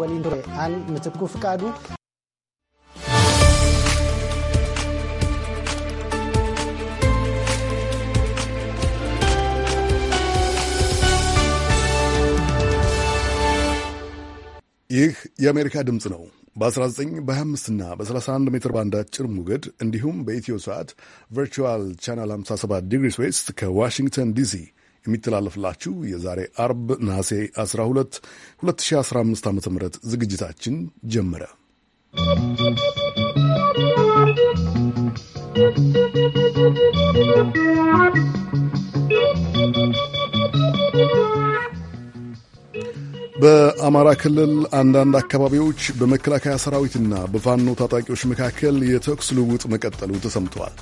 ወሊንዶ አን ምትኩ ፍቃዱ ይህ የአሜሪካ ድምፅ ነው። በ19 በ25 እና በ31 ሜትር ባንድ አጭር ሞገድ እንዲሁም በኢትዮ ሰዓት ቨርቹዋል ቻናል 57 ዲግሪስ ዌስት ከዋሽንግተን ዲሲ የሚተላለፍላችሁ የዛሬ አርብ ነሐሴ 12 2015 ዓ ም ዝግጅታችን ጀመረ። በአማራ ክልል አንዳንድ አካባቢዎች በመከላከያ ሰራዊትና በፋኖ ታጣቂዎች መካከል የተኩስ ልውውጥ መቀጠሉ ተሰምተዋል።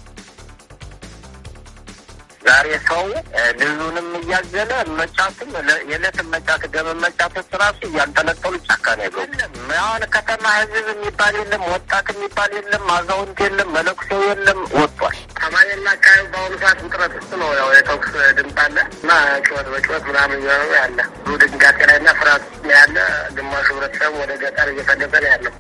ዛሬ ሰው ልዙንም እያዘለ መጫትም የዕለት መጫት ገመ መጫቶች ራሱ እያንጠለጠሉ ጫካ ነው የገቡ። አሁን ከተማ ህዝብ የሚባል የለም፣ ወጣት የሚባል የለም፣ አዛውንት የለም፣ መለኩሴው የለም፣ ወጥቷል። ተማሪና አካባቢ በአሁኑ ሰዓት ውጥረት ውስጥ ነው። ያው የተኩስ ድምፅ አለ እና ጩኸት በጩኸት ምናምን እየሆነ ያለ ብዙ ድንጋጤ ላይ እና ፍርሃት ያለ። ግማሹ ህብረተሰብ ወደ ገጠር እየፈለጠ ነው ያለው።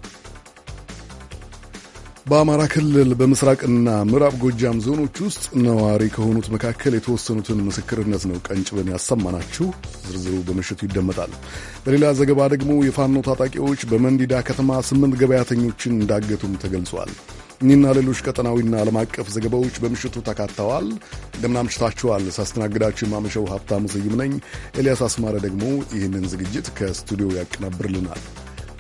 በአማራ ክልል በምስራቅና ምዕራብ ጎጃም ዞኖች ውስጥ ነዋሪ ከሆኑት መካከል የተወሰኑትን ምስክርነት ነው ቀንጭበን ያሰማናችሁ። ዝርዝሩ በምሽቱ ይደመጣል። በሌላ ዘገባ ደግሞ የፋኖ ታጣቂዎች በመንዲዳ ከተማ ስምንት ገበያተኞችን እንዳገቱም ተገልጿል። እኚህና ሌሎች ቀጠናዊና ዓለም አቀፍ ዘገባዎች በምሽቱ ተካተዋል። እንደምናምሽታችኋል። ሳስተናግዳችሁ የማመሸው ሀብታሙ ስዩም ነኝ። ኤልያስ አስማረ ደግሞ ይህንን ዝግጅት ከስቱዲዮ ያቀናብርልናል።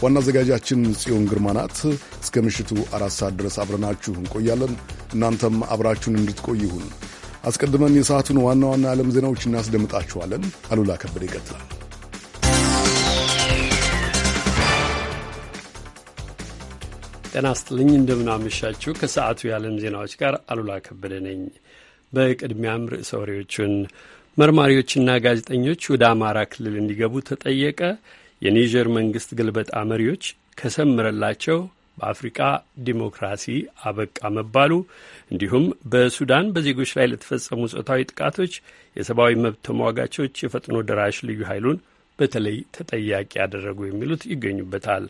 ዋና አዘጋጃችን ጽዮን ግርማ ናት። እስከ ምሽቱ አራት ሰዓት ድረስ አብረናችሁ እንቆያለን። እናንተም አብራችሁን እንድትቆይ ይሁን። አስቀድመን የሰዓቱን ዋና ዋና የዓለም ዜናዎች እናስደምጣችኋለን። አሉላ ከበደ ይቀጥላል። ጤና ይስጥልኝ፣ እንደምናመሻችሁ። ከሰዓቱ የዓለም ዜናዎች ጋር አሉላ ከበደ ነኝ። በቅድሚያም ርዕሰ ወሬዎቹን መርማሪዎችና ጋዜጠኞች ወደ አማራ ክልል እንዲገቡ ተጠየቀ። የኒጀር መንግስት ግልበጣ መሪዎች ከሰምረላቸው በአፍሪቃ ዲሞክራሲ አበቃ መባሉ እንዲሁም በሱዳን በዜጎች ላይ ለተፈጸሙ ጾታዊ ጥቃቶች የሰብአዊ መብት ተሟጋቾች የፈጥኖ ደራሽ ልዩ ኃይሉን በተለይ ተጠያቂ ያደረጉ የሚሉት ይገኙበታል።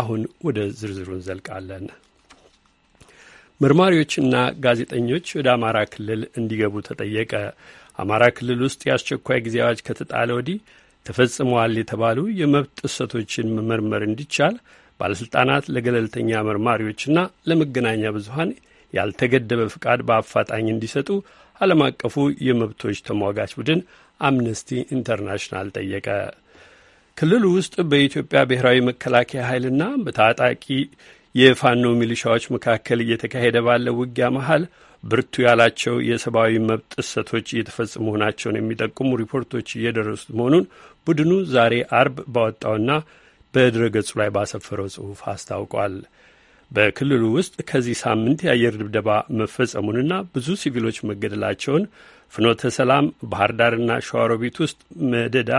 አሁን ወደ ዝርዝሩ እንዘልቃለን። መርማሪዎችና ጋዜጠኞች ወደ አማራ ክልል እንዲገቡ ተጠየቀ። አማራ ክልል ውስጥ የአስቸኳይ ጊዜ አዋጅ ከተጣለ ወዲህ ተፈጽመዋል የተባሉ የመብት ጥሰቶችን መመርመር እንዲቻል ባለሥልጣናት ለገለልተኛ መርማሪዎችና ለመገናኛ ብዙሀን ያልተገደበ ፍቃድ በአፋጣኝ እንዲሰጡ ዓለም አቀፉ የመብቶች ተሟጋች ቡድን አምነስቲ ኢንተርናሽናል ጠየቀ። ክልሉ ውስጥ በኢትዮጵያ ብሔራዊ መከላከያ ኃይልና በታጣቂ የፋኖ ሚሊሻዎች መካከል እየተካሄደ ባለ ውጊያ መሀል ብርቱ ያላቸው የሰብአዊ መብት ጥሰቶች እየተፈጸሙ መሆናቸውን የሚጠቁሙ ሪፖርቶች እየደረሱት መሆኑን ቡድኑ ዛሬ አርብ ባወጣውና በድረገጹ ላይ ባሰፈረው ጽሑፍ አስታውቋል። በክልሉ ውስጥ ከዚህ ሳምንት የአየር ድብደባ መፈጸሙንና ብዙ ሲቪሎች መገደላቸውን፣ ፍኖተ ሰላም፣ ባህር ዳርና ሸዋሮቢት ውስጥ መደዳ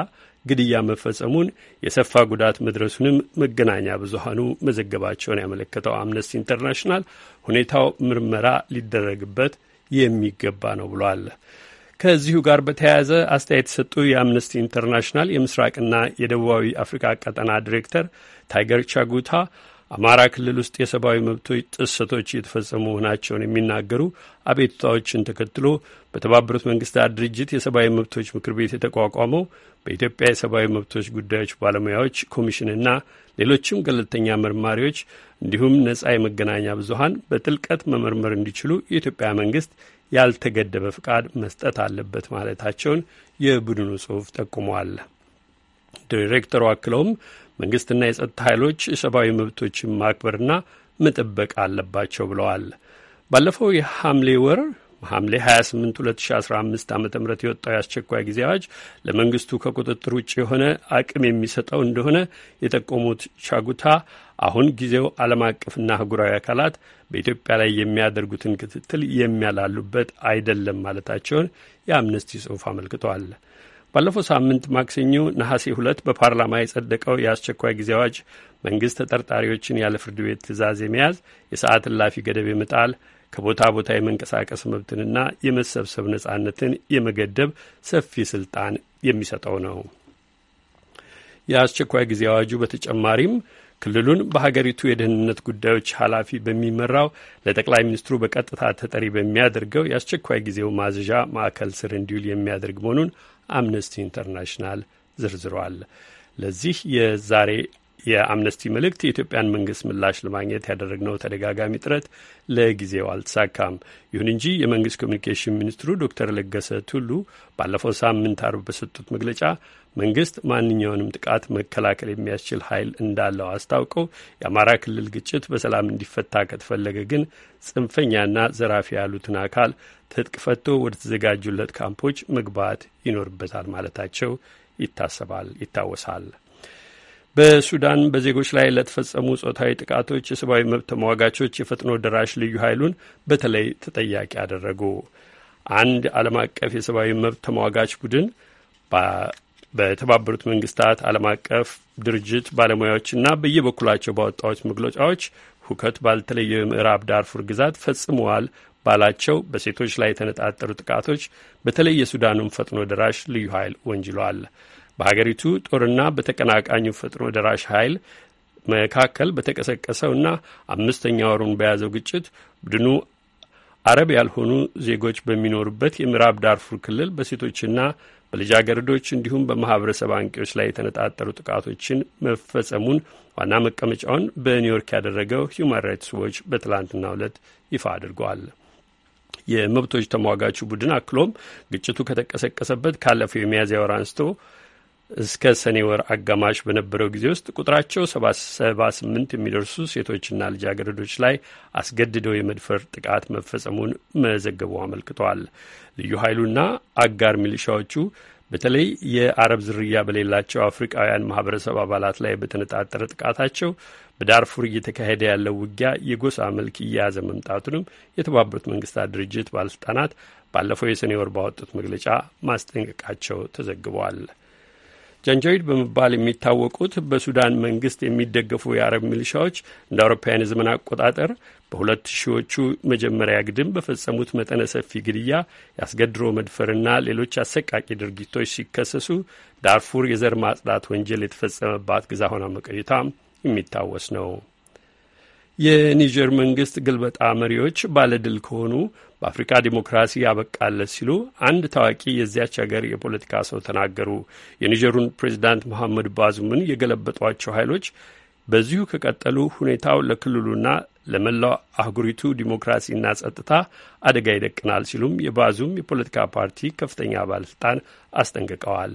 ግድያ መፈጸሙን፣ የሰፋ ጉዳት መድረሱንም መገናኛ ብዙሀኑ መዘገባቸውን ያመለከተው አምነስቲ ኢንተርናሽናል ሁኔታው ምርመራ ሊደረግበት የሚገባ ነው ብሏል። ከዚሁ ጋር በተያያዘ አስተያየት የሰጡ የአምነስቲ ኢንተርናሽናል የምስራቅና የደቡባዊ አፍሪካ ቀጠና ዲሬክተር ታይገር ቻጉታ አማራ ክልል ውስጥ የሰብአዊ መብቶች ጥሰቶች እየተፈጸሙ መሆናቸውን የሚናገሩ አቤቱታዎችን ተከትሎ በተባበሩት መንግስታት ድርጅት የሰብአዊ መብቶች ምክር ቤት የተቋቋመው በኢትዮጵያ የሰብአዊ መብቶች ጉዳዮች ባለሙያዎች ኮሚሽንና ሌሎችም ገለልተኛ መርማሪዎች እንዲሁም ነጻ የመገናኛ ብዙሀን በጥልቀት መመርመር እንዲችሉ የኢትዮጵያ መንግስት ያልተገደበ ፍቃድ መስጠት አለበት ማለታቸውን የቡድኑ ጽሑፍ ጠቁመዋል። ዲሬክተሩ አክለውም መንግስትና የጸጥታ ኃይሎች ሰብአዊ መብቶችን ማክበርና መጠበቅ አለባቸው ብለዋል። ባለፈው የሐምሌ ወር ሐምሌ 28 2015 ዓ ም የወጣው የአስቸኳይ ጊዜ አዋጅ ለመንግስቱ ከቁጥጥር ውጭ የሆነ አቅም የሚሰጠው እንደሆነ የጠቆሙት ቻጉታ አሁን ጊዜው ዓለም አቀፍና አህጉራዊ አካላት በኢትዮጵያ ላይ የሚያደርጉትን ክትትል የሚያላሉበት አይደለም ማለታቸውን የአምነስቲ ጽሑፍ አመልክቷል። ባለፈው ሳምንት ማክሰኞ ነሐሴ ሁለት በፓርላማ የጸደቀው የአስቸኳይ ጊዜ አዋጅ መንግሥት ተጠርጣሪዎችን ያለ ፍርድ ቤት ትዕዛዝ የመያዝ የሰዓት እላፊ ገደብ የመጣል ከቦታ ቦታ የመንቀሳቀስ መብትንና የመሰብሰብ ነጻነትን የመገደብ ሰፊ ስልጣን የሚሰጠው ነው። የአስቸኳይ ጊዜ አዋጁ በተጨማሪም ክልሉን በሀገሪቱ የደህንነት ጉዳዮች ኃላፊ በሚመራው ለጠቅላይ ሚኒስትሩ በቀጥታ ተጠሪ በሚያደርገው የአስቸኳይ ጊዜው ማዘዣ ማዕከል ስር እንዲውል የሚያደርግ መሆኑን አምነስቲ ኢንተርናሽናል ዘርዝሯል። ለዚህ የዛሬ የአምነስቲ መልእክት የኢትዮጵያን መንግስት ምላሽ ለማግኘት ያደረግነው ተደጋጋሚ ጥረት ለጊዜው አልተሳካም። ይሁን እንጂ የመንግስት ኮሚኒኬሽን ሚኒስትሩ ዶክተር ለገሰ ቱሉ ባለፈው ሳምንት አርብ በሰጡት መግለጫ መንግስት ማንኛውንም ጥቃት መከላከል የሚያስችል ኃይል እንዳለው አስታውቀው የአማራ ክልል ግጭት በሰላም እንዲፈታ ከተፈለገ ግን ጽንፈኛና ዘራፊ ያሉትን አካል ትጥቅ ፈቶ ወደ ተዘጋጁለት ካምፖች መግባት ይኖርበታል ማለታቸው ይታሰባል ይታወሳል። በሱዳን በዜጎች ላይ ለተፈጸሙ ጾታዊ ጥቃቶች የሰብአዊ መብት ተሟጋቾች የፈጥኖ ደራሽ ልዩ ኃይሉን በተለይ ተጠያቂ አደረጉ። አንድ ዓለም አቀፍ የሰብአዊ መብት ተሟጋች ቡድን በተባበሩት መንግስታት ዓለም አቀፍ ድርጅት ባለሙያዎችና በየበኩላቸው ባወጣዎች መግለጫዎች ሁከት ባልተለየ የምዕራብ ዳርፉር ግዛት ፈጽመዋል ባላቸው በሴቶች ላይ የተነጣጠሩ ጥቃቶች በተለይ የሱዳኑን ፈጥኖ ደራሽ ልዩ ኃይል ወንጅለዋል። በሀገሪቱ ጦርና በተቀናቃኙ ፈጥኖ ደራሽ ኃይል መካከል በተቀሰቀሰውና አምስተኛ ወሩን በያዘው ግጭት ቡድኑ አረብ ያልሆኑ ዜጎች በሚኖሩበት የምዕራብ ዳርፉር ክልል በሴቶችና በልጃገረዶች እንዲሁም በማህበረሰብ አንቂዎች ላይ የተነጣጠሩ ጥቃቶችን መፈጸሙን ዋና መቀመጫውን በኒውዮርክ ያደረገው ሂውማን ራይትስ ዎች በትላንትናው ዕለት ይፋ አድርገዋል። የመብቶች ተሟጋቹ ቡድን አክሎም ግጭቱ ከተቀሰቀሰበት ካለፈው የሚያዝያ ወር አንስቶ እስከ ሰኔ ወር አጋማሽ በነበረው ጊዜ ውስጥ ቁጥራቸው ሰባ ስምንት የሚደርሱ ሴቶችና ልጃገረዶች ላይ አስገድደው የመድፈር ጥቃት መፈጸሙን መዘገቡ አመልክቷል። ልዩ ኃይሉና አጋር ሚሊሻዎቹ በተለይ የአረብ ዝርያ በሌላቸው አፍሪቃውያን ማህበረሰብ አባላት ላይ በተነጣጠረ ጥቃታቸው በዳርፉር እየተካሄደ ያለው ውጊያ የጎሳ መልክ እየያዘ መምጣቱንም የተባበሩት መንግስታት ድርጅት ባለስልጣናት ባለፈው የሰኔ ወር ባወጡት መግለጫ ማስጠንቀቃቸው ተዘግበዋል። ጃንጃዊድ በመባል የሚታወቁት በሱዳን መንግስት የሚደገፉ የአረብ ሚሊሻዎች እንደ አውሮፓውያን የዘመን አቆጣጠር በሁለት ሺዎቹ መጀመሪያ ግድም በፈጸሙት መጠነ ሰፊ ግድያ፣ ያስገድሮ መድፈርና ሌሎች አሰቃቂ ድርጊቶች ሲከሰሱ ዳርፉር የዘር ማጽዳት ወንጀል የተፈጸመባት ግዛ ሆና መቆየቷም የሚታወስ ነው። የኒጀር መንግስት ግልበጣ መሪዎች ባለድል ከሆኑ በአፍሪካ ዲሞክራሲ ያበቃለት ሲሉ አንድ ታዋቂ የዚያች ሀገር የፖለቲካ ሰው ተናገሩ። የኒጀሩን ፕሬዚዳንት መሐመድ ባዙምን የገለበጧቸው ኃይሎች በዚሁ ከቀጠሉ ሁኔታው ለክልሉና ለመላው አህጉሪቱ ዲሞክራሲና ጸጥታ አደጋ ይደቅናል ሲሉም የባዙም የፖለቲካ ፓርቲ ከፍተኛ ባለስልጣን አስጠንቅቀዋል።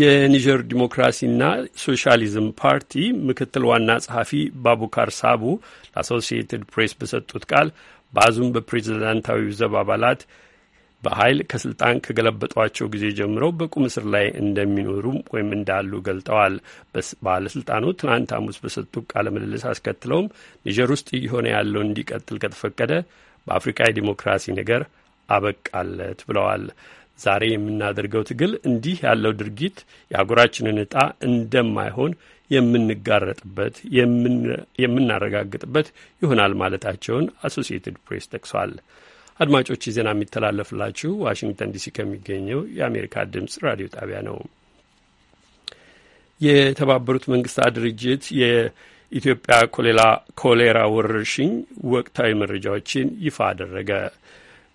የኒጀር ዲሞክራሲና ሶሻሊዝም ፓርቲ ምክትል ዋና ጸሐፊ ባቡካር ሳቡ ለአሶሲየትድ ፕሬስ በሰጡት ቃል ባዙም በፕሬዝዳንታዊ ዘብ አባላት በኃይል ከስልጣን ከገለበጧቸው ጊዜ ጀምሮ በቁም እስር ላይ እንደሚኖሩም ወይም እንዳሉ ገልጠዋል። ባለስልጣኑ ትናንት ሐሙስ በሰጡት ቃለ ምልልስ አስከትለውም ኒጀር ውስጥ እየሆነ ያለው እንዲቀጥል ከተፈቀደ በአፍሪካ የዲሞክራሲ ነገር አበቃለት ብለዋል። ዛሬ የምናደርገው ትግል እንዲህ ያለው ድርጊት የአጉራችንን ዕጣ እንደማይሆን የምንጋረጥበት የምናረጋግጥበት ይሆናል ማለታቸውን አሶሲኤትድ ፕሬስ ጠቅሷል። አድማጮች ዜና የሚተላለፍላችሁ ዋሽንግተን ዲሲ ከሚገኘው የአሜሪካ ድምፅ ራዲዮ ጣቢያ ነው። የተባበሩት መንግስታት ድርጅት የኢትዮጵያ ኮሌራ ወረርሽኝ ወቅታዊ መረጃዎችን ይፋ አደረገ።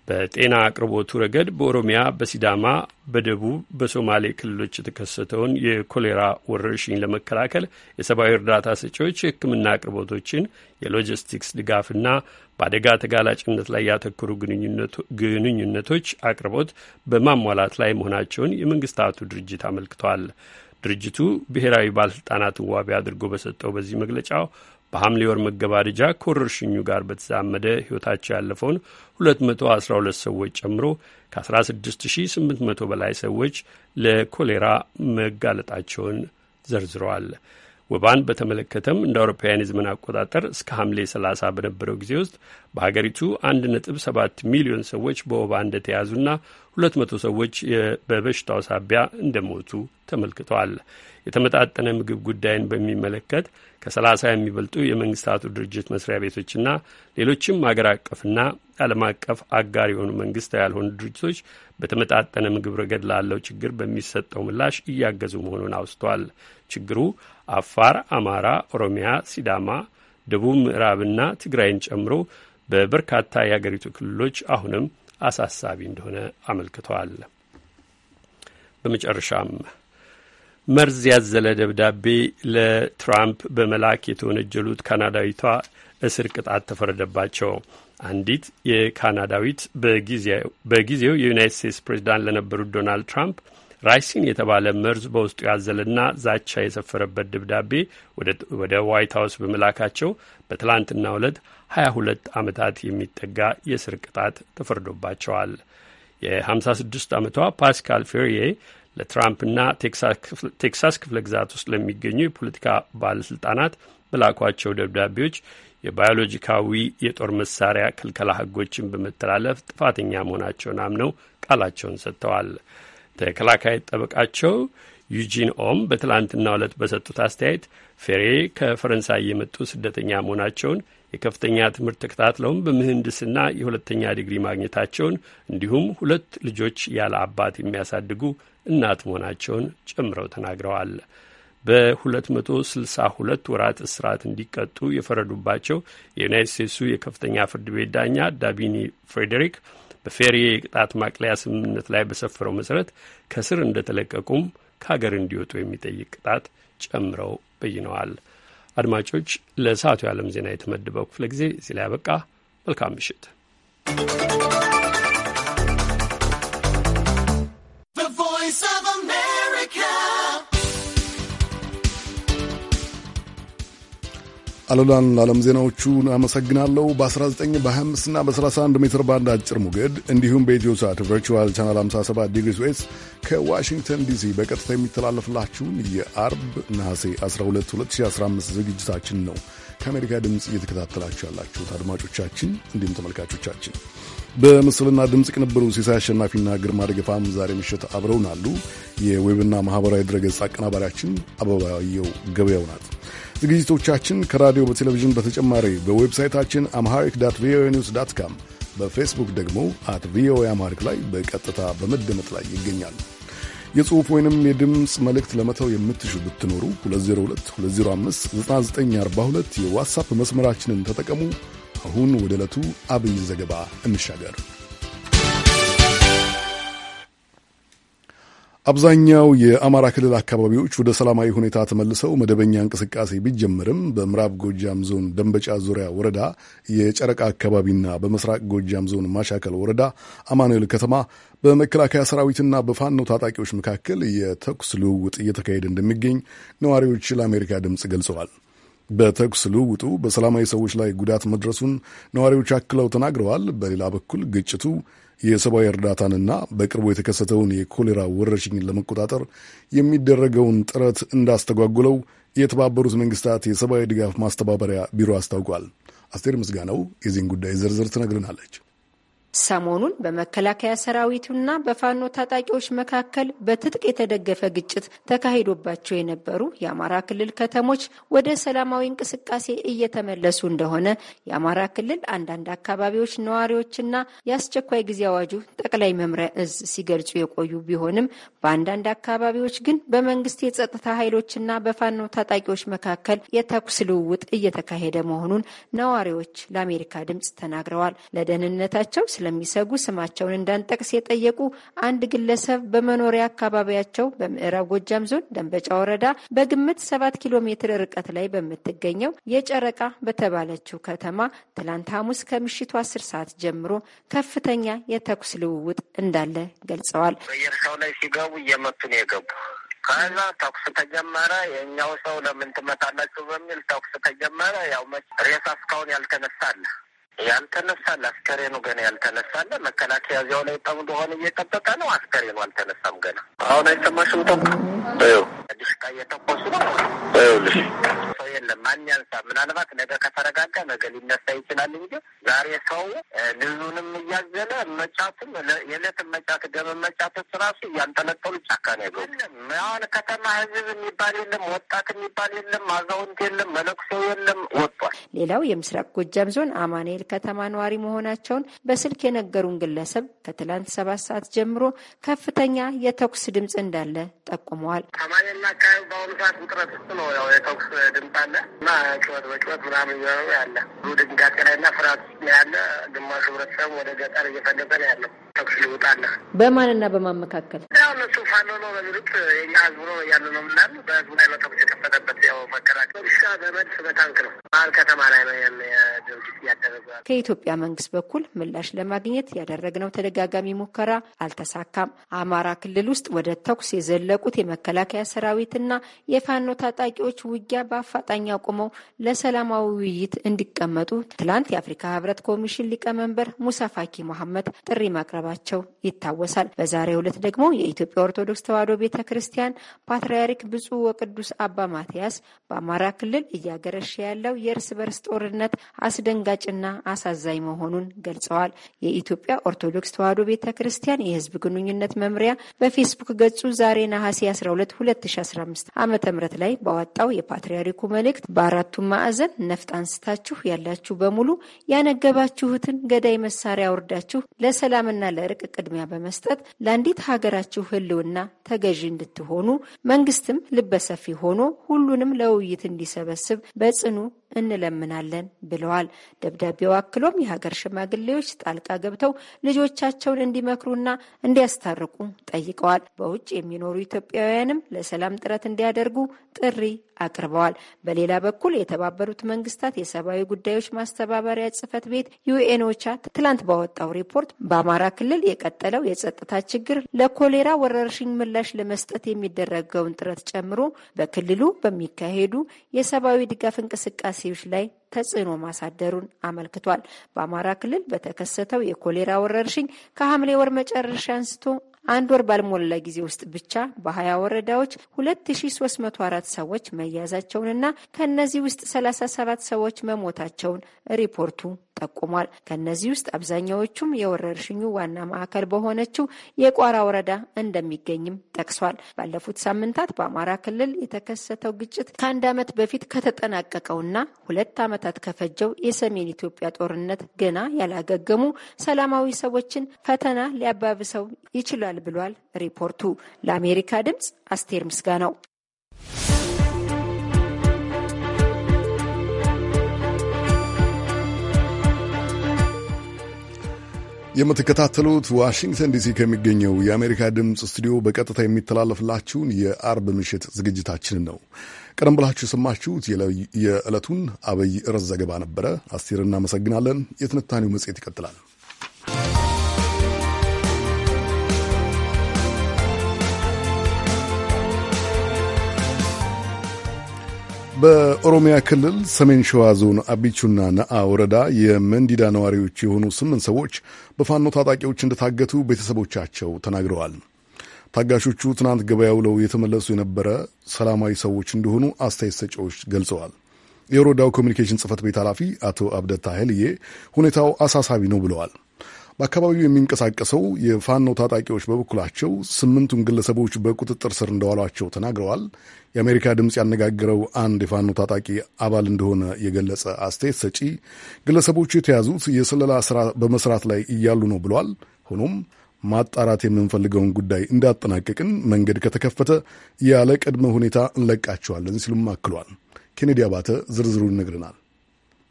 በጤና አቅርቦቱ ረገድ በኦሮሚያ፣ በሲዳማ፣ በደቡብ፣ በሶማሌ ክልሎች የተከሰተውን የኮሌራ ወረርሽኝ ለመከላከል የሰብአዊ እርዳታ ሰጪዎች የሕክምና አቅርቦቶችን የሎጂስቲክስ ድጋፍና በአደጋ ተጋላጭነት ላይ ያተኮሩ ግንኙነቶች አቅርቦት በማሟላት ላይ መሆናቸውን የመንግስታቱ ድርጅት አመልክቷል። ድርጅቱ ብሔራዊ ባለስልጣናትን ዋቢ አድርጎ በሰጠው በዚህ መግለጫው በሐምሌ ወር መገባደጃ ከወረርሽኙ ጋር በተዛመደ ሕይወታቸው ያለፈውን 212 ሰዎች ጨምሮ ከ16800 በላይ ሰዎች ለኮሌራ መጋለጣቸውን ዘርዝረዋል። ወባን በተመለከተም እንደ አውሮፓውያን የዘመን አቆጣጠር እስከ ሐምሌ 30 በነበረው ጊዜ ውስጥ በሀገሪቱ 1.7 ሚሊዮን ሰዎች በወባ እንደተያዙና 200 ሰዎች በበሽታው ሳቢያ እንደሞቱ ተመልክተዋል። የተመጣጠነ ምግብ ጉዳይን በሚመለከት ከ30 የሚበልጡ የመንግስታቱ ድርጅት መስሪያ ቤቶችና ሌሎችም አገር አቀፍና ዓለም አቀፍ አጋር የሆኑ መንግስታዊ ያልሆኑ ድርጅቶች በተመጣጠነ ምግብ ረገድ ላለው ችግር በሚሰጠው ምላሽ እያገዙ መሆኑን አውስተዋል። ችግሩ አፋር፣ አማራ፣ ኦሮሚያ፣ ሲዳማ፣ ደቡብ ምዕራብና ትግራይን ጨምሮ በበርካታ የአገሪቱ ክልሎች አሁንም አሳሳቢ እንደሆነ አመልክተዋል። በመጨረሻም መርዝ ያዘለ ደብዳቤ ለትራምፕ በመላክ የተወነጀሉት ካናዳዊቷ እስር ቅጣት ተፈረደባቸው። አንዲት የካናዳዊት በጊዜው የዩናይት ስቴትስ ፕሬዚዳንት ለነበሩት ዶናልድ ትራምፕ ራይሲን የተባለ መርዝ በውስጡ ያዘለና ዛቻ የሰፈረበት ደብዳቤ ወደ ዋይት ሀውስ በመላካቸው በትላንትናው ዕለት ሁለት ዓመታት የሚጠጋ የእስር ቅጣት ተፈርዶባቸዋል። የ56 ዓመቷ ፓስካል ፌሪዬ ለትራምፕና ቴክሳስ ክፍለ ግዛት ውስጥ ለሚገኙ የፖለቲካ ባለሥልጣናት በላኳቸው ደብዳቤዎች የባዮሎጂካዊ የጦር መሳሪያ ክልከላ ሕጎችን በመተላለፍ ጥፋተኛ መሆናቸውን አምነው ቃላቸውን ሰጥተዋል። ተከላካይ ጠበቃቸው ዩጂን ኦም በትላንትና ዕለት በሰጡት አስተያየት ፌሬ ከፈረንሳይ የመጡ ስደተኛ መሆናቸውን የከፍተኛ ትምህርት ተከታትለውም በምህንድስና የሁለተኛ ዲግሪ ማግኘታቸውን እንዲሁም ሁለት ልጆች ያለ አባት የሚያሳድጉ እናት መሆናቸውን ጨምረው ተናግረዋል። በ262 ወራት እስራት እንዲቀጡ የፈረዱባቸው የዩናይት ስቴትሱ የከፍተኛ ፍርድ ቤት ዳኛ ዳቢኒ ፍሬዴሪክ በፌሪ የቅጣት ማቅለያ ስምምነት ላይ በሰፈረው መሰረት ከስር እንደተለቀቁም ከሀገር እንዲወጡ የሚጠይቅ ቅጣት ጨምረው በይነዋል። አድማጮች፣ ለሰዓቱ የዓለም ዜና የተመደበው ክፍለ ጊዜ እዚህ ላይ ያበቃ። መልካም ምሽት። አሉላን ለዓለም ዜናዎቹን አመሰግናለሁ። በ19 በ25 እና በ31 ሜትር ባንድ አጭር ሞገድ እንዲሁም በኢትዮ ሰዓት ቨርቹዋል ቻናል 57 ዲግሪስ ዌስት ከዋሽንግተን ዲሲ በቀጥታ የሚተላለፍላችሁን የአርብ ነሐሴ 12 2015 ዝግጅታችን ነው ከአሜሪካ ድምፅ እየተከታተላችሁ ያላችሁት አድማጮቻችን፣ እንዲሁም ተመልካቾቻችን በምስልና ድምፅ ቅንብሩ ሲሳይ አሸናፊና ግርማ ደገፋም ዛሬ ምሽት አብረውን አሉ። የዌብና ማኅበራዊ ድረገጽ አቀናባሪያችን አበባየው ገበያው ናት። ዝግጅቶቻችን ከራዲዮ በቴሌቪዥን በተጨማሪ በዌብሳይታችን አምሃሪክ ዳት ቪኦኤ ኒውስ ዳት ካም፣ በፌስቡክ ደግሞ አት ቪኦኤ አምሃሪክ ላይ በቀጥታ በመደመጥ ላይ ይገኛል። የጽሑፍ ወይንም የድምፅ መልእክት ለመተው የምትሹ ብትኖሩ 2022059942 የዋትሳፕ መስመራችንን ተጠቀሙ። አሁን ወደ ዕለቱ አብይ ዘገባ እንሻገር። አብዛኛው የአማራ ክልል አካባቢዎች ወደ ሰላማዊ ሁኔታ ተመልሰው መደበኛ እንቅስቃሴ ቢጀመርም በምዕራብ ጎጃም ዞን ደንበጫ ዙሪያ ወረዳ የጨረቃ አካባቢና በምስራቅ ጎጃም ዞን ማሻከል ወረዳ አማኑኤል ከተማ በመከላከያ ሰራዊትና በፋኖ ታጣቂዎች መካከል የተኩስ ልውውጥ እየተካሄደ እንደሚገኝ ነዋሪዎች ለአሜሪካ ድምፅ ገልጸዋል። በተኩስ ልውውጡ በሰላማዊ ሰዎች ላይ ጉዳት መድረሱን ነዋሪዎች አክለው ተናግረዋል። በሌላ በኩል ግጭቱ የሰብአዊ እርዳታንና በቅርቡ የተከሰተውን የኮሌራ ወረርሽኝን ለመቆጣጠር የሚደረገውን ጥረት እንዳስተጓጉለው የተባበሩት መንግስታት የሰብአዊ ድጋፍ ማስተባበሪያ ቢሮ አስታውቋል። አስቴር ምስጋናው የዚህን ጉዳይ ዝርዝር ትነግርናለች። ሰሞኑን በመከላከያ ሰራዊቱና በፋኖ ታጣቂዎች መካከል በትጥቅ የተደገፈ ግጭት ተካሂዶባቸው የነበሩ የአማራ ክልል ከተሞች ወደ ሰላማዊ እንቅስቃሴ እየተመለሱ እንደሆነ የአማራ ክልል አንዳንድ አካባቢዎች ነዋሪዎችና የአስቸኳይ ጊዜ አዋጁ ጠቅላይ መምሪያ እዝ ሲገልጹ የቆዩ ቢሆንም በአንዳንድ አካባቢዎች ግን በመንግስት የጸጥታ ኃይሎችና በፋኖ ታጣቂዎች መካከል የተኩስ ልውውጥ እየተካሄደ መሆኑን ነዋሪዎች ለአሜሪካ ድምጽ ተናግረዋል። ለደህንነታቸው ስለ ስለሚሰጉ ስማቸውን እንዳንጠቅስ የጠየቁ አንድ ግለሰብ በመኖሪያ አካባቢያቸው በምዕራብ ጎጃም ዞን ደንበጫ ወረዳ በግምት ሰባት ኪሎ ሜትር ርቀት ላይ በምትገኘው የጨረቃ በተባለችው ከተማ ትላንት ሐሙስ ከምሽቱ አስር ሰዓት ጀምሮ ከፍተኛ የተኩስ ልውውጥ እንዳለ ገልጸዋል። ሰው ላይ ሲገቡ እየመቱ ነው የገቡ ከዛ ተኩስ ተጀመረ። የእኛው ሰው ለምን ትመታላችሁ በሚል ተኩስ ተጀመረ። ያው ሬሳ እስካሁን ያልተነሳለ ያልተነሳል። አስከሬኑ ገና ያልተነሳለ መከላከያ እዚያው ላይ ጠምዶ ሆነ እየጠበቀ ነው። አስከሬኑ አልተነሳም ገና። አሁን አይሰማሽም? ጠብቅ አዲስ እየተኮሱ ነው። ሰው የለም። ማን ያንሳ? ምናልባት ነገ ከተረጋጋ ነገ ሊነሳ ይችላል እንጂ ዛሬ ሰው ልዙንም እያዘለ መጫትም የዕለት መጫት ደም መጫቶች ራሱ እያንጠለጠሉ ጫካ ነው የለም። አሁን ከተማ ህዝብ የሚባል የለም፣ ወጣት የሚባል የለም፣ አዛውንት የለም፣ መለኩሴው የለም፣ ወጥቷል። ሌላው የምስራቅ ጎጃም ዞን አማኔል ከተማ ነዋሪ መሆናቸውን በስልክ የነገሩን ግለሰብ ከትላንት ሰባት ሰዓት ጀምሮ ከፍተኛ የተኩስ ድምፅ እንዳለ ጠቁመዋል። ከማየና አካባቢ በአሁኑ ሰዓት ውጥረት ውስጥ ነው። ያው የተኩስ ድምፅ አለ እና ጩኸት በጩኸት ምናምን እየሆነ ያለ ብዙ ድንጋጤ ላይ እና ፍርሃት ውስጥ ያለ። ግማሹ ህብረተሰብ ወደ ገጠር እየፈለገ ነው ያለው። ተኩስ ልውጥ አለ። በማንና በማን መካከል? ያው እነሱ ፋኖ ነው በሚሉት የኛ ህዝብ ነው እያሉ ነው ምናል በህዝቡ ላይ ነው ተኩስ የከፈተበት። ያው መከላከያ ሻ በመድፍ በታንክ ነው መሀል ከተማ ላይ ድርጅት ያደረገዋል። ከኢትዮጵያ መንግስት በኩል ምላሽ ለማግኘት ያደረግነው ተደጋጋሚ ሙከራ አልተሳካም። አማራ ክልል ውስጥ ወደ ተኩስ የዘለቁት የመከላከያ ሰራዊትና የፋኖ ታጣቂዎች ውጊያ በአፋጣኝ አቁመው ለሰላማዊ ውይይት እንዲቀመጡ ትላንት የአፍሪካ ህብረት ኮሚሽን ሊቀመንበር ሙሳ ፋኪ መሐመድ ጥሪ ማቅረባቸው ይታወሳል። በዛሬው ዕለት ደግሞ የኢትዮጵያ ኦርቶዶክስ ተዋሕዶ ቤተ ክርስቲያን ፓትርያርክ ብፁዕ ወቅዱስ አባ ማትያስ በአማራ ክልል እያገረሸ ያለው የእርስ በርስ ጦርነት አስደንጋጭና አሳዛኝ መሆኑን ገልጸዋል። የኢትዮጵያ ኦርቶዶክስ ተዋሕዶ ቤተ ክርስቲያን የሕዝብ ግንኙነት መምሪያ በፌስቡክ ገጹ ዛሬ ነሐሴ 12 2015 ዓ ም ላይ ባወጣው የፓትርያርኩ መልእክት በአራቱም ማዕዘን ነፍጥ አንስታችሁ ያላችሁ በሙሉ ያነገባችሁትን ገዳይ መሳሪያ አውርዳችሁ ለሰላምና ለእርቅ ቅድሚያ በመስጠት ለአንዲት ሀገራችሁ ሕልውና ተገዢ እንድትሆኑ መንግስትም ልበሰፊ ሆኖ ሁሉንም ለውይይት እንዲሰበስብ በጽኑ እንለምናለን ብለዋል። ደብዳቤው አክሎም የሀገር ሽማግሌዎች ጣልቃ ገብተው ልጆቻቸውን እንዲመክሩና እንዲያስታርቁ ጠይቀዋል። በውጭ የሚኖሩ ኢትዮጵያውያንም ለሰላም ጥረት እንዲያደርጉ ጥሪ አቅርበዋል። በሌላ በኩል የተባበሩት መንግስታት የሰብአዊ ጉዳዮች ማስተባበሪያ ጽህፈት ቤት ዩኤን ኦቻ ትላንት ባወጣው ሪፖርት በአማራ ክልል የቀጠለው የጸጥታ ችግር ለኮሌራ ወረርሽኝ ምላሽ ለመስጠት የሚደረገውን ጥረት ጨምሮ በክልሉ በሚካሄዱ የሰብአዊ ድጋፍ እንቅስቃሴዎች ላይ ተጽዕኖ ማሳደሩን አመልክቷል። በአማራ ክልል በተከሰተው የኮሌራ ወረርሽኝ ከሐምሌ ወር መጨረሻ አንስቶ አንድ ወር ባልሞላ ጊዜ ውስጥ ብቻ በሀያ ወረዳዎች 2304 ሰዎች መያዛቸውንና ከእነዚህ ውስጥ 37 ሰዎች መሞታቸውን ሪፖርቱ ጠቁሟል። ከእነዚህ ውስጥ አብዛኛዎቹም የወረርሽኙ ዋና ማዕከል በሆነችው የቋራ ወረዳ እንደሚገኝም ጠቅሷል። ባለፉት ሳምንታት በአማራ ክልል የተከሰተው ግጭት ከአንድ ዓመት በፊት ከተጠናቀቀውና ሁለት ዓመታት ከፈጀው የሰሜን ኢትዮጵያ ጦርነት ገና ያላገገሙ ሰላማዊ ሰዎችን ፈተና ሊያባብሰው ይችላል ብሏል ሪፖርቱ። ለአሜሪካ ድምጽ አስቴር ምስጋ ነው። የምትከታተሉት ዋሽንግተን ዲሲ ከሚገኘው የአሜሪካ ድምፅ ስቱዲዮ በቀጥታ የሚተላለፍላችሁን የአርብ ምሽት ዝግጅታችንን ነው። ቀደም ብላችሁ የሰማችሁት የዕለቱን አብይ ርዕስ ዘገባ ነበረ። አስቴር እናመሰግናለን። የትንታኔው መጽሔት ይቀጥላል። በኦሮሚያ ክልል ሰሜን ሸዋ ዞን አቢቹና ነአ ወረዳ የመንዲዳ ነዋሪዎች የሆኑ ስምንት ሰዎች በፋኖ ታጣቂዎች እንደታገቱ ቤተሰቦቻቸው ተናግረዋል። ታጋሾቹ ትናንት ገበያ ውለው የተመለሱ የነበረ ሰላማዊ ሰዎች እንደሆኑ አስተያየት ሰጪዎች ገልጸዋል። የወረዳው ኮሚኒኬሽን ጽሕፈት ቤት ኃላፊ አቶ አብደታ ኃይልዬ ሁኔታው አሳሳቢ ነው ብለዋል። በአካባቢው የሚንቀሳቀሰው የፋኖ ታጣቂዎች በበኩላቸው ስምንቱን ግለሰቦች በቁጥጥር ስር እንደዋሏቸው ተናግረዋል። የአሜሪካ ድምፅ ያነጋገረው አንድ የፋኖ ታጣቂ አባል እንደሆነ የገለጸ አስተያየት ሰጪ ግለሰቦቹ የተያዙት የስለላ ስራ በመስራት ላይ እያሉ ነው ብሏል። ሆኖም ማጣራት የምንፈልገውን ጉዳይ እንዳጠናቀቅን መንገድ ከተከፈተ ያለ ቅድመ ሁኔታ እንለቃቸዋለን ሲሉም አክሏል። ኬኔዲ አባተ ዝርዝሩን ይነግረናል።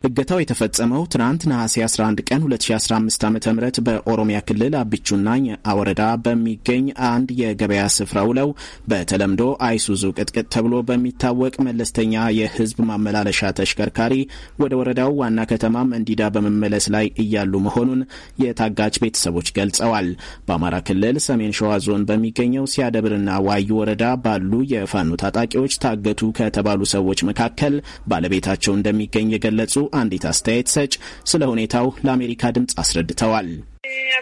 እገታው የተፈጸመው ትናንት ነሐሴ 11 ቀን 2015 ዓ ም በኦሮሚያ ክልል አቢቹና አወረዳ በሚገኝ አንድ የገበያ ስፍራ ውለው በተለምዶ አይሱዙ ቅጥቅጥ ተብሎ በሚታወቅ መለስተኛ የህዝብ ማመላለሻ ተሽከርካሪ ወደ ወረዳው ዋና ከተማም እንዲዳ በመመለስ ላይ እያሉ መሆኑን የታጋች ቤተሰቦች ገልጸዋል። በአማራ ክልል ሰሜን ሸዋ ዞን በሚገኘው ሲያደብርና ዋዩ ወረዳ ባሉ የፋኖ ታጣቂዎች ታገቱ ከተባሉ ሰዎች መካከል ባለቤታቸው እንደሚገኝ የገለጹ ያላቸው አንዲት አስተያየት ሰጭ ስለ ሁኔታው ለአሜሪካ ድምፅ አስረድተዋል። eh,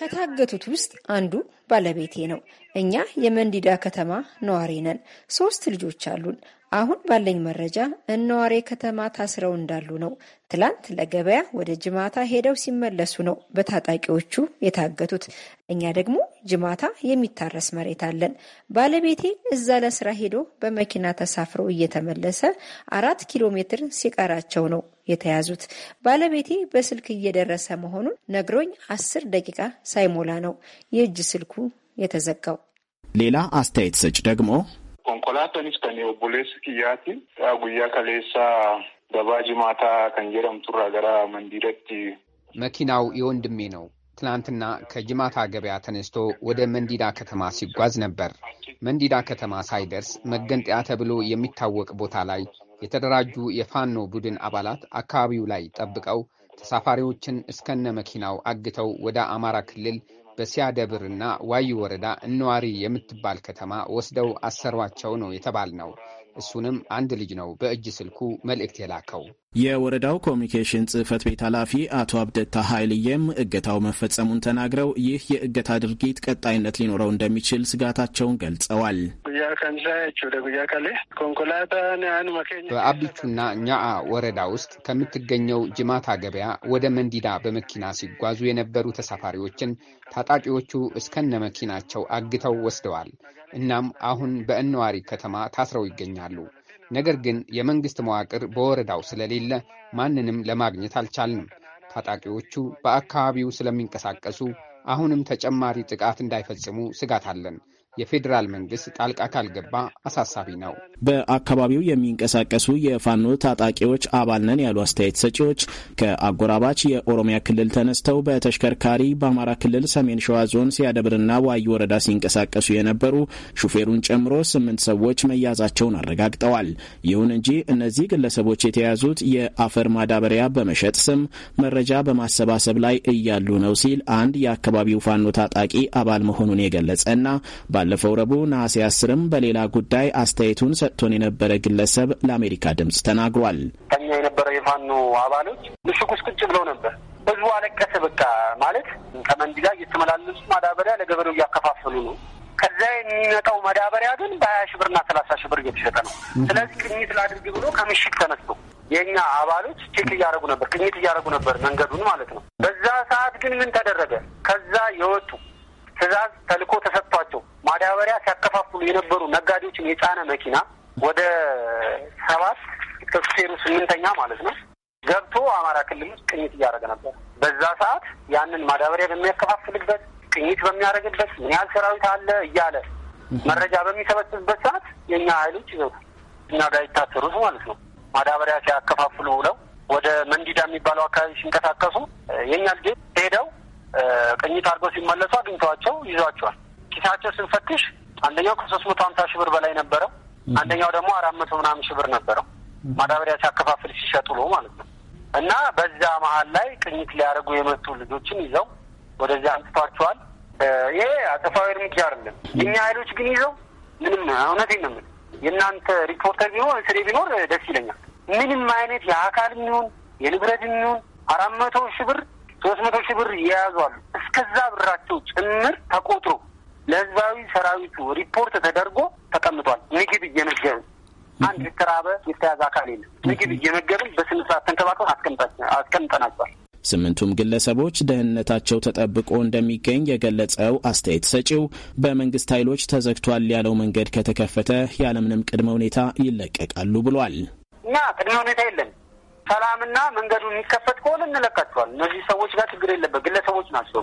ከታገቱት ውስጥ አንዱ ባለቤቴ ነው። እኛ የመንዲዳ ከተማ ነዋሪ ነን። ሶስት ልጆች አሉን። አሁን ባለኝ መረጃ እነዋሬ ከተማ ታስረው እንዳሉ ነው። ትላንት ለገበያ ወደ ጅማታ ሄደው ሲመለሱ ነው በታጣቂዎቹ የታገቱት። እኛ ደግሞ ጅማታ የሚታረስ መሬት አለን። ባለቤቴ እዛ ለስራ ሄዶ በመኪና ተሳፍሮ እየተመለሰ አራት ኪሎ ሜትር ሲቀራቸው ነው የተያዙት። ባለቤቴ በስልክ እየደረሰ መሆኑን ነግሮኝ አስር ደቂቃ ሳይሞላ ነው የእጅ ስልኩ የተዘጋው። ሌላ አስተያየት ሰጭ ደግሞ ኮንኮላተኒስ ከኔ ኦቦሌስ ክያቲ ጉያ ከሌሳ ገባጅ ማታ ቱራ ገራ መንዲረት መኪናው የወንድሜ ነው። ትናንትና ከጅማታ ገበያ ተነስቶ ወደ መንዲዳ ከተማ ሲጓዝ ነበር። መንዲዳ ከተማ ሳይደርስ መገንጠያ ተብሎ የሚታወቅ ቦታ ላይ የተደራጁ የፋኖ ቡድን አባላት አካባቢው ላይ ጠብቀው ተሳፋሪዎችን እስከነ መኪናው አግተው ወደ አማራ ክልል በሲያደብር እና ዋዩ ወረዳ እነዋሪ የምትባል ከተማ ወስደው አሰሯቸው ነው ነው። እሱንም አንድ ልጅ ነው በእጅ ስልኩ መልእክት የላከው። የወረዳው ኮሚኒኬሽን ጽህፈት ቤት ኃላፊ አቶ አብደታ ኃይልዬም እገታው መፈጸሙን ተናግረው ይህ የእገታ ድርጊት ቀጣይነት ሊኖረው እንደሚችል ስጋታቸውን ገልጸዋል። በአቢቹና ኛአ ወረዳ ውስጥ ከምትገኘው ጅማታ ገበያ ወደ መንዲዳ በመኪና ሲጓዙ የነበሩ ተሳፋሪዎችን ታጣቂዎቹ እስከነ መኪናቸው አግተው ወስደዋል። እናም አሁን በእነዋሪ ከተማ ታስረው ይገኛሉ። ነገር ግን የመንግሥት መዋቅር በወረዳው ስለሌለ ማንንም ለማግኘት አልቻልንም። ታጣቂዎቹ በአካባቢው ስለሚንቀሳቀሱ አሁንም ተጨማሪ ጥቃት እንዳይፈጽሙ ስጋት አለን። የፌዴራል መንግስት ጣልቃ ካልገባ አሳሳቢ ነው። በአካባቢው የሚንቀሳቀሱ የፋኖ ታጣቂዎች አባልነን ያሉ አስተያየት ሰጪዎች ከአጎራባች የኦሮሚያ ክልል ተነስተው በተሽከርካሪ በአማራ ክልል ሰሜን ሸዋ ዞን ሲያደብርና ዋዩ ወረዳ ሲንቀሳቀሱ የነበሩ ሹፌሩን ጨምሮ ስምንት ሰዎች መያዛቸውን አረጋግጠዋል። ይሁን እንጂ እነዚህ ግለሰቦች የተያዙት የአፈር ማዳበሪያ በመሸጥ ስም መረጃ በማሰባሰብ ላይ እያሉ ነው ሲል አንድ የአካባቢው ፋኖ ታጣቂ አባል መሆኑን የገለጸና ባለፈው ረቡዕ ነሐሴ አስርም በሌላ ጉዳይ አስተያየቱን ሰጥቶን የነበረ ግለሰብ ለአሜሪካ ድምፅ ተናግሯል። ከኛ የነበረ የፋኖ አባሎች ምሽግ ውስጥ ቁጭ ብለው ነበር። ህዝቡ አለቀሰ። በቃ ማለት ጠመንጃ እየተመላለሱ ማዳበሪያ ለገበሬው እያከፋፈሉ ነው። ከዛ የሚመጣው ማዳበሪያ ግን በሀያ ሺህ ብርና ሰላሳ ሺህ ብር እየተሸጠ ነው። ስለዚህ ቅኝት ላድርግ ብሎ ከምሽግ ተነስቶ የእኛ አባሎች ቼክ እያደረጉ ነበር፣ ቅኝት እያደረጉ ነበር መንገዱን ማለት ነው። በዛ ሰዓት ግን ምን ተደረገ? ከዛ የወጡ ትእዛዝ ተልኮ ተሰጥቷቸው ማዳበሪያ ሲያከፋፍሉ የነበሩ ነጋዴዎችን የጫነ መኪና ወደ ሰባት ከክፍሉ ስምንተኛ ማለት ነው ገብቶ አማራ ክልል ውስጥ ቅኝት እያደረገ ነበር። በዛ ሰዓት ያንን ማዳበሪያ በሚያከፋፍልበት ቅኝት በሚያደርግበት ምን ያህል ሰራዊት አለ እያለ መረጃ በሚሰበስብበት ሰዓት የእኛ ኃይሎች ይዘውታል። እኛ ጋር ይታሰሩት ማለት ነው ማዳበሪያ ሲያከፋፍሉ ውለው ወደ መንዲዳ የሚባለው አካባቢ ሲንቀሳቀሱ የእኛ ልጆች ሄደው ቅኝት አድርገው ሲመለሱ አግኝተዋቸው ይዟቸዋል። ኪሳቸው ስንፈትሽ አንደኛው ከሶስት መቶ ሀምሳ ሺህ ብር በላይ ነበረው። አንደኛው ደግሞ አራት መቶ ምናምን ሺህ ብር ነበረው ማዳበሪያ ሲያከፋፍል ሲሸጥሉ ማለት ነው። እና በዛ መሀል ላይ ቅኝት ሊያደርጉ የመጡ ልጆችን ይዘው ወደዚያ አንስቷቸዋል። ይሄ አጸፋዊ እርምጃ አይደለም። የእኛ ኃይሎች ግን ይዘው ምንም እውነቴን ነው የምልህ የእናንተ ሪፖርተር ቢኖር ስሬ ቢኖር ደስ ይለኛል። ምንም አይነት የአካል የሚሆን የንብረት የሚሆን አራት መቶ ሺህ ብር ሶስት መቶ ሺህ ብር የያዙ አሉ። እስከዛ ብራቸው ጭምር ተቆጥሮ ለህዝባዊ ሰራዊቱ ሪፖርት ተደርጎ ተቀምጧል። ምግብ እየመገብን አንድ የተራበ የተያዘ አካል የለም። ምግብ እየመገብን በስነ ስርዓት ተንከባክበን አስቀምጠናቸዋል። ስምንቱም ግለሰቦች ደህንነታቸው ተጠብቆ እንደሚገኝ የገለጸው አስተያየት ሰጪው በመንግስት ኃይሎች ተዘግቷል ያለው መንገድ ከተከፈተ ያለምንም ቅድመ ሁኔታ ይለቀቃሉ ብሏል። እና ቅድመ ሁኔታ የለም። ሰላምና መንገዱ የሚከፈት ከሆነ እንለቃቸዋል። እነዚህ ሰዎች ጋር ችግር የለበት ግለሰቦች ናቸው።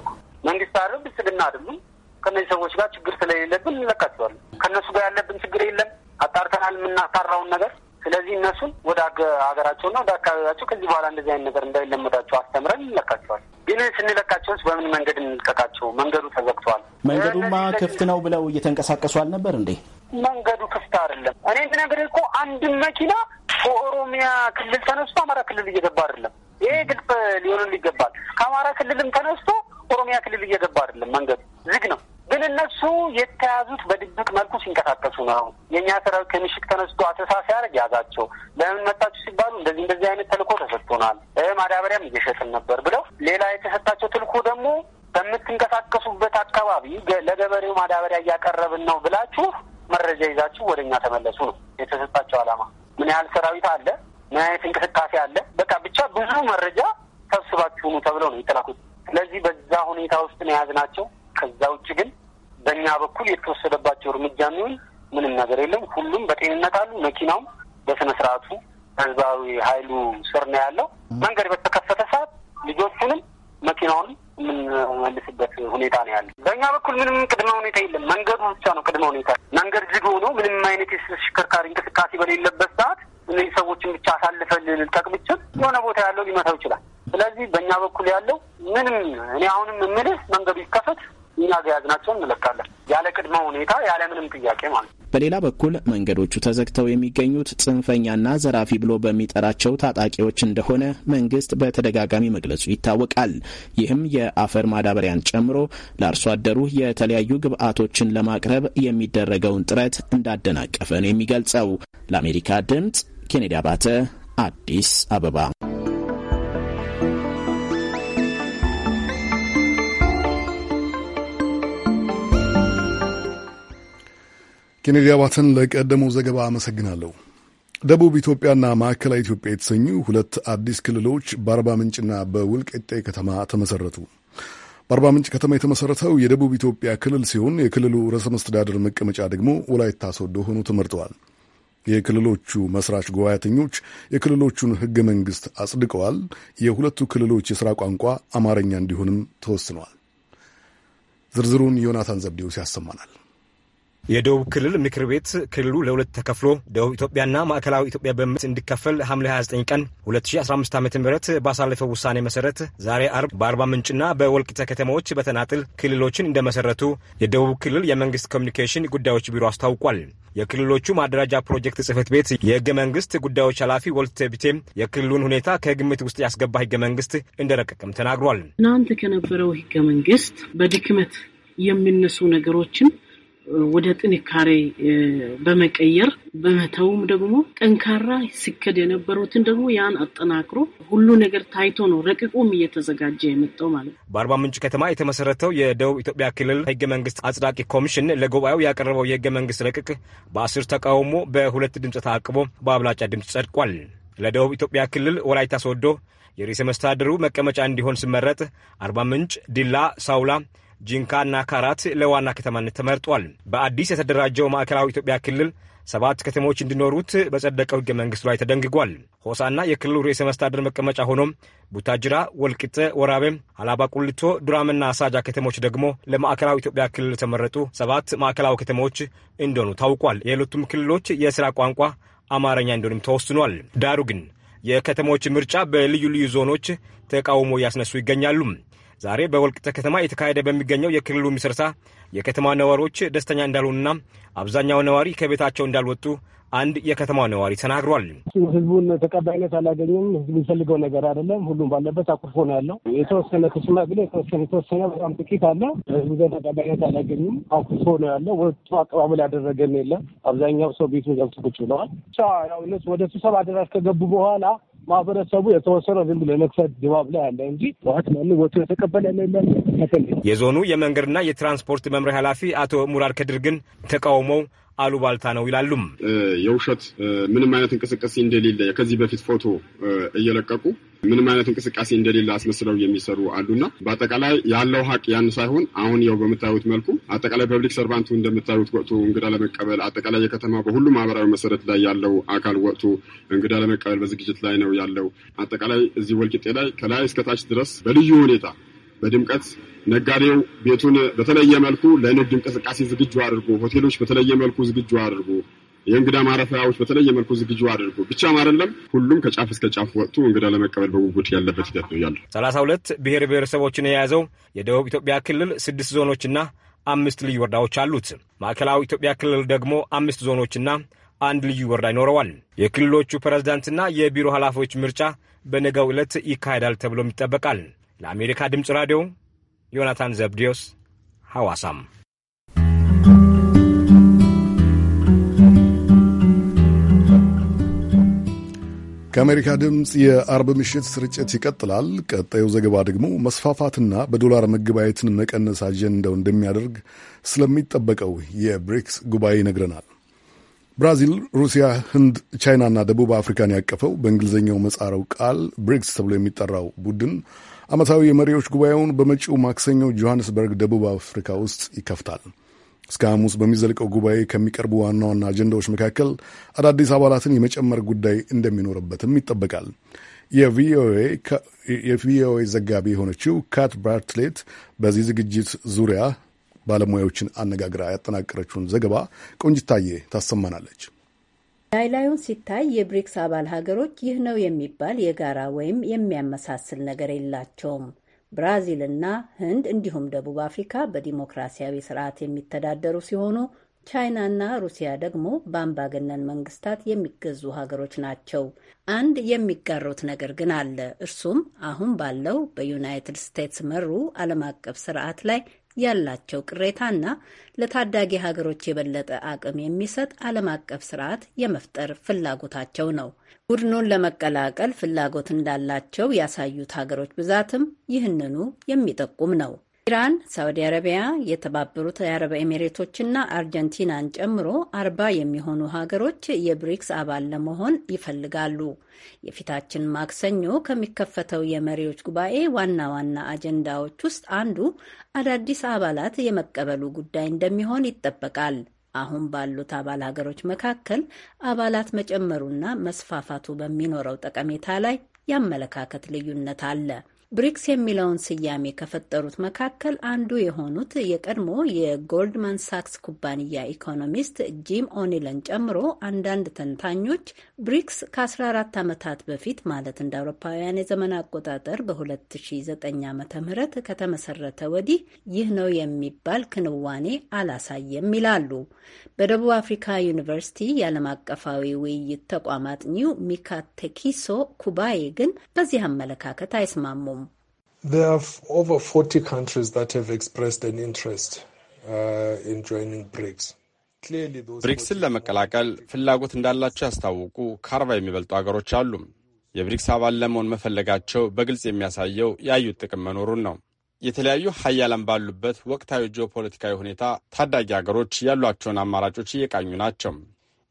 መንግስት አርብ ብልጽግና አይደሉም። ከነዚህ ሰዎች ጋር ችግር ስለሌለብን እንለቃቸዋለን። ከእነሱ ጋር ያለብን ችግር የለም፣ አጣርተናል የምናጣራውን ነገር። ስለዚህ እነሱን ወደ ሀገራቸውና ወደ አካባቢያቸው ከዚህ በኋላ እንደዚህ አይነት ነገር እንዳይለመዳቸው አስተምረን እንለካቸዋለን። ግን ስንለካቸውስ በምን መንገድ እንልቀቃቸው? መንገዱ ተዘግቷል። መንገዱማ ክፍት ነው ብለው እየተንቀሳቀሱ አልነበር እንዴ? መንገዱ ክፍት አይደለም። እኔ ብነግርህ እኮ አንድም መኪና ከኦሮሚያ ክልል ተነስቶ አማራ ክልል እየገባ አይደለም። ይሄ ግልጽ ሊሆንልን ይገባል። ከአማራ ክልልም ተነስቶ ኦሮሚያ ክልል እየገባ አይደለም። መንገዱ ዝግ ነው። ግን እነሱ የተያዙት በድብቅ መልኩ ሲንቀሳቀሱ ነው። የእኛ ሰራዊት ከምሽግ ተነስቶ አሰሳ ሲያደርግ ያዛቸው። ለምን መጣችሁ ሲባሉ እንደዚህ እንደዚህ አይነት ተልእኮ ተሰጥቶናል፣ ማዳበሪያም እየሸጥን ነበር ብለው ሌላ የተሰጣቸው ተልእኮ ደግሞ በምትንቀሳቀሱበት አካባቢ ለገበሬው ማዳበሪያ እያቀረብን ነው ብላችሁ መረጃ ይዛችሁ ወደ እኛ ተመለሱ ነው የተሰጣቸው ዓላማ። ምን ያህል ሰራዊት አለ፣ ምን አይነት እንቅስቃሴ አለ፣ በቃ ብቻ ብዙ መረጃ ሰብስባችሁኑ ተብለው ነው የተላኩት። ስለዚህ በዛ ሁኔታ ውስጥ ነው የያዝናቸው። በእኛ በኩል የተወሰደባቸው እርምጃ የሚሆን ምንም ነገር የለም። ሁሉም በጤንነት አሉ። መኪናውም በስነ ስርዓቱ ህዝባዊ ኃይሉ ስር ነው ያለው። መንገድ በተከፈተ ሰዓት ልጆቹንም መኪናውንም የምንመልስበት ሁኔታ ነው ያለ። በእኛ በኩል ምንም ቅድመ ሁኔታ የለም። መንገዱ ብቻ ነው ቅድመ ሁኔታ። መንገድ ዝግ ሆኖ ምንም አይነት የተሽከርካሪ እንቅስቃሴ በሌለበት ሰዓት እነዚህ ሰዎችን ብቻ አሳልፈን ልንጠቅምችል የሆነ ቦታ ያለው ሊመታው ይችላል። ስለዚህ በእኛ በኩል ያለው ምንም እኔ አሁንም የምልህ መንገዱ ይከፈት እኛ ያዝናቸውን እንለቃለን ያለ ቅድመ ሁኔታ ያለ ምንም ጥያቄ ማለት ነው። በሌላ በኩል መንገዶቹ ተዘግተው የሚገኙት ጽንፈኛና ዘራፊ ብሎ በሚጠራቸው ታጣቂዎች እንደሆነ መንግስት በተደጋጋሚ መግለጹ ይታወቃል። ይህም የአፈር ማዳበሪያን ጨምሮ ለአርሶ አደሩ የተለያዩ ግብዓቶችን ለማቅረብ የሚደረገውን ጥረት እንዳደናቀፈ ነው የሚገልጸው። ለአሜሪካ ድምጽ ኬኔዲ አባተ አዲስ አበባ ኬኔዲ አባተን ለቀደመው ዘገባ አመሰግናለሁ። ደቡብ ኢትዮጵያና ማዕከላዊ ኢትዮጵያ የተሰኙ ሁለት አዲስ ክልሎች በአርባ ምንጭና በውልቄጤ ከተማ ተመሰረቱ። በአርባ ምንጭ ከተማ የተመሰረተው የደቡብ ኢትዮጵያ ክልል ሲሆን የክልሉ ርዕሰ መስተዳደር መቀመጫ ደግሞ ወላይታ ሶዶ ሆኖ ተመርጠዋል። የክልሎቹ መስራች ጉባኤተኞች የክልሎቹን ህገ መንግሥት አጽድቀዋል። የሁለቱ ክልሎች የሥራ ቋንቋ አማርኛ እንዲሆንም ተወስነዋል። ዝርዝሩን ዮናታን ዘብዴውስ ያሰማናል። የደቡብ ክልል ምክር ቤት ክልሉ ለሁለት ተከፍሎ ደቡብ ኢትዮጵያና ማዕከላዊ ኢትዮጵያ በምት እንዲከፈል ሐምሌ 29 ቀን 2015 ዓ ም ባሳለፈው ውሳኔ መሰረት ዛሬ አርብ በአርባ ምንጭና በወልቂተ ከተማዎች በተናጥል ክልሎችን እንደመሰረቱ የደቡብ ክልል የመንግስት ኮሚኒኬሽን ጉዳዮች ቢሮ አስታውቋል። የክልሎቹ ማደራጃ ፕሮጀክት ጽህፈት ቤት የህገ መንግስት ጉዳዮች ኃላፊ ወልተ ቢቴም የክልሉን ሁኔታ ከግምት ውስጥ ያስገባ ህገ መንግስት እንደረቀቅም ተናግሯል። እናንተ ከነበረው ህገ መንግስት በድክመት የሚነሱ ነገሮችን ወደ ጥንካሬ በመቀየር በመተውም ደግሞ ጠንካራ ሲከድ የነበሩትን ደግሞ ያን አጠናክሮ ሁሉ ነገር ታይቶ ነው ረቂቁም እየተዘጋጀ የመጣው ማለት ነው። በአርባ ምንጭ ከተማ የተመሰረተው የደቡብ ኢትዮጵያ ክልል ህገ መንግስት አጽዳቂ ኮሚሽን ለጉባኤው ያቀረበው የህገ መንግስት ረቂቅ በአስር ተቃውሞ በሁለት ድምፅ ታቅቦ በአብላጫ ድምፅ ጸድቋል። ለደቡብ ኢትዮጵያ ክልል ወላይታ ሶዶ የርዕሰ መስተዳድሩ መቀመጫ እንዲሆን ሲመረጥ አርባ ምንጭ፣ ዲላ፣ ሳውላ ጂንካና ካራት ለዋና ከተማነት ተመርጧል። በአዲስ የተደራጀው ማዕከላዊ ኢትዮጵያ ክልል ሰባት ከተሞች እንዲኖሩት በጸደቀው ህገ መንግስቱ ላይ ተደንግጓል። ሆሳና የክልሉ ርዕሰ መስተዳድር መቀመጫ ሆኖም ቡታጅራ፣ ወልቅጠ ወራቤም፣ አላባ ቁልቶ፣ ዱራምና ሳጃ ከተሞች ደግሞ ለማዕከላዊ ኢትዮጵያ ክልል የተመረጡ ሰባት ማዕከላዊ ከተሞች እንደሆኑ ታውቋል። የሁለቱም ክልሎች የሥራ ቋንቋ አማርኛ እንደሆንም ተወስኗል። ዳሩ ግን የከተሞች ምርጫ በልዩ ልዩ ዞኖች ተቃውሞ እያስነሱ ይገኛሉ። ዛሬ በወልቂጤ ከተማ የተካሄደ በሚገኘው የክልሉ ምስረታ የከተማ ነዋሪዎች ደስተኛ እንዳልሆኑና አብዛኛው ነዋሪ ከቤታቸው እንዳልወጡ አንድ የከተማ ነዋሪ ተናግሯል። ህዝቡን ተቀባይነት አላገኘም። ህዝቡ የሚፈልገው ነገር አይደለም። ሁሉም ባለበት አኩርፎ ነው ያለው። የተወሰነ ሽማግሌ የተወሰነ የተወሰነ በጣም ጥቂት አለ። ህዝቡ ጋር ተቀባይነት አላገኙም። አኩርፎ ነው ያለው። ወጡ አቀባበል ያደረገን የለም። አብዛኛው ሰው ቤቱ ገብቶ ቁጭ ብለዋል። ያው እነሱ ወደ ስብሰባ አዳራሽ ከገቡ በኋላ ማህበረሰቡ የተወሰነ ዝም ብሎ የመክፈት ድባብ ላይ አለ እንጂ ዋት ማን ወቶ የተቀበለ የለም። የዞኑ የመንገድና የትራንስፖርት መምሪያ ኃላፊ አቶ ሙራር ከድር ግን ተቃውሞው አሉባልታ ነው ይላሉም። የውሸት ምንም አይነት እንቅስቃሴ እንደሌለ ከዚህ በፊት ፎቶ እየለቀቁ ምንም አይነት እንቅስቃሴ እንደሌለ አስመስለው የሚሰሩ አሉና በአጠቃላይ ያለው ሀቅ ያን ሳይሆን አሁን ያው በምታዩት መልኩ አጠቃላይ ፐብሊክ ሰርቫንቱ እንደምታዩት ወቅቱ እንግዳ ለመቀበል አጠቃላይ የከተማ በሁሉ ማህበራዊ መሰረት ላይ ያለው አካል ወቅቱ እንግዳ ለመቀበል በዝግጅት ላይ ነው ያለው። አጠቃላይ እዚህ ወልቂጤ ላይ ከላይ እስከታች ድረስ በልዩ ሁኔታ በድምቀት ነጋዴው ቤቱን በተለየ መልኩ ለንግድ እንቅስቃሴ ዝግጁ አድርጎ ሆቴሎች በተለየ መልኩ ዝግጁ አድርጎ የእንግዳ ማረፊያዎች በተለየ መልኩ ዝግጁ አድርጉ ብቻ አይደለም፣ ሁሉም ከጫፍ እስከ ጫፍ ወጥቶ እንግዳ ለመቀበል በጉጉት ያለበት ሂደት ነው ያሉ ሰላሳ ሁለት ብሔር ብሔረሰቦችን የያዘው የደቡብ ኢትዮጵያ ክልል ስድስት ዞኖችና አምስት ልዩ ወረዳዎች አሉት። ማዕከላዊ ኢትዮጵያ ክልል ደግሞ አምስት ዞኖችና አንድ ልዩ ወረዳ ይኖረዋል። የክልሎቹ ፕሬዝዳንትና የቢሮ ኃላፊዎች ምርጫ በነገው ዕለት ይካሄዳል ተብሎም ይጠበቃል። ለአሜሪካ ድምፅ ራዲዮ ዮናታን ዘብዲዮስ ሐዋሳም ከአሜሪካ ድምፅ የአርብ ምሽት ስርጭት ይቀጥላል። ቀጣዩ ዘገባ ደግሞ መስፋፋትና በዶላር መገበያየትን መቀነስ አጀንዳው እንደሚያደርግ ስለሚጠበቀው የብሪክስ ጉባኤ ይነግረናል። ብራዚል፣ ሩሲያ፣ ህንድ፣ ቻይናና ደቡብ አፍሪካን ያቀፈው በእንግሊዝኛው መጻረው ቃል ብሪክስ ተብሎ የሚጠራው ቡድን ዓመታዊ የመሪዎች ጉባኤውን በመጪው ማክሰኞ ጆሐንስበርግ፣ ደቡብ አፍሪካ ውስጥ ይከፍታል። እስከ ሐሙስ በሚዘልቀው ጉባኤ ከሚቀርቡ ዋና ዋና አጀንዳዎች መካከል አዳዲስ አባላትን የመጨመር ጉዳይ እንደሚኖርበትም ይጠበቃል። የቪኦኤ ዘጋቢ የሆነችው ካት ባርትሌት በዚህ ዝግጅት ዙሪያ ባለሙያዎችን አነጋግራ ያጠናቀረችውን ዘገባ ቆንጅታዬ ታሰማናለች። ላይ ሲታይ የብሪክስ አባል ሀገሮች ይህ ነው የሚባል የጋራ ወይም የሚያመሳስል ነገር የላቸውም። እና ህንድ እንዲሁም ደቡብ አፍሪካ በዲሞክራሲያዊ ስርዓት የሚተዳደሩ ሲሆኑ ቻይና እና ሩሲያ ደግሞ በአምባገነን መንግስታት የሚገዙ ሀገሮች ናቸው። አንድ የሚጋሩት ነገር ግን አለ። እርሱም አሁን ባለው በዩናይትድ ስቴትስ መሩ ዓለም አቀፍ ስርዓት ላይ ያላቸው ቅሬታና ለታዳጊ ሀገሮች የበለጠ አቅም የሚሰጥ ዓለም አቀፍ ስርዓት የመፍጠር ፍላጎታቸው ነው። ቡድኑን ለመቀላቀል ፍላጎት እንዳላቸው ያሳዩት ሀገሮች ብዛትም ይህንኑ የሚጠቁም ነው። ኢራን፣ ሳዑዲ አረቢያ፣ የተባበሩት የአረብ ኤሚሬቶችና አርጀንቲናን ጨምሮ አርባ የሚሆኑ ሀገሮች የብሪክስ አባል ለመሆን ይፈልጋሉ። የፊታችን ማክሰኞ ከሚከፈተው የመሪዎች ጉባኤ ዋና ዋና አጀንዳዎች ውስጥ አንዱ አዳዲስ አባላት የመቀበሉ ጉዳይ እንደሚሆን ይጠበቃል። አሁን ባሉት አባል ሀገሮች መካከል አባላት መጨመሩና መስፋፋቱ በሚኖረው ጠቀሜታ ላይ የአመለካከት ልዩነት አለ። ብሪክስ የሚለውን ስያሜ ከፈጠሩት መካከል አንዱ የሆኑት የቀድሞ የጎልድማን ሳክስ ኩባንያ ኢኮኖሚስት ጂም ኦኒለን ጨምሮ አንዳንድ ተንታኞች ብሪክስ ከ14 ዓመታት በፊት ማለት እንደ አውሮፓውያን የዘመን አቆጣጠር በ2009 ዓ ም ከተመሰረተ ወዲህ ይህ ነው የሚባል ክንዋኔ አላሳየም ይላሉ። በደቡብ አፍሪካ ዩኒቨርሲቲ የዓለም አቀፋዊ ውይይት ተቋም አጥኚው ሚካ ኩባዬ ግን በዚህ አመለካከት አይስማሙም። There are over 40 countries that have expressed an interest uh, in joining BRICS. ብሪክስን ለመቀላቀል ፍላጎት እንዳላቸው ያስታወቁ ከአርባ የሚበልጡ አገሮች አሉ። የብሪክስ አባል ለመሆን መፈለጋቸው በግልጽ የሚያሳየው ያዩት ጥቅም መኖሩን ነው። የተለያዩ ሀያላን ባሉበት ወቅታዊ ጂኦፖለቲካዊ ሁኔታ ታዳጊ አገሮች ያሏቸውን አማራጮች እየቃኙ ናቸው።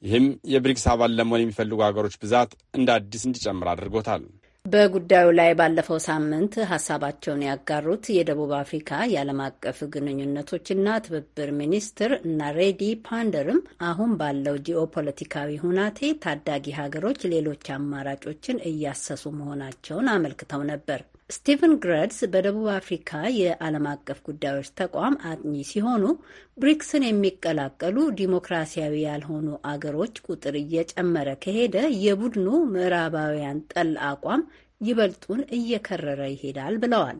ይህም የብሪክስ አባል ለመሆን የሚፈልጉ አገሮች ብዛት እንደ አዲስ እንዲጨምር አድርጎታል። በጉዳዩ ላይ ባለፈው ሳምንት ሀሳባቸውን ያጋሩት የደቡብ አፍሪካ የዓለም አቀፍ ግንኙነቶችና ትብብር ሚኒስትር ናሬዲ ፓንደርም አሁን ባለው ጂኦፖለቲካዊ ሁናቴ ታዳጊ ሀገሮች ሌሎች አማራጮችን እያሰሱ መሆናቸውን አመልክተው ነበር። ስቲቨን ግረድስ በደቡብ አፍሪካ የዓለም አቀፍ ጉዳዮች ተቋም አጥኚ ሲሆኑ ብሪክስን የሚቀላቀሉ ዲሞክራሲያዊ ያልሆኑ አገሮች ቁጥር እየጨመረ ከሄደ የቡድኑ ምዕራባውያን ጠል አቋም ይበልጡን እየከረረ ይሄዳል ብለዋል።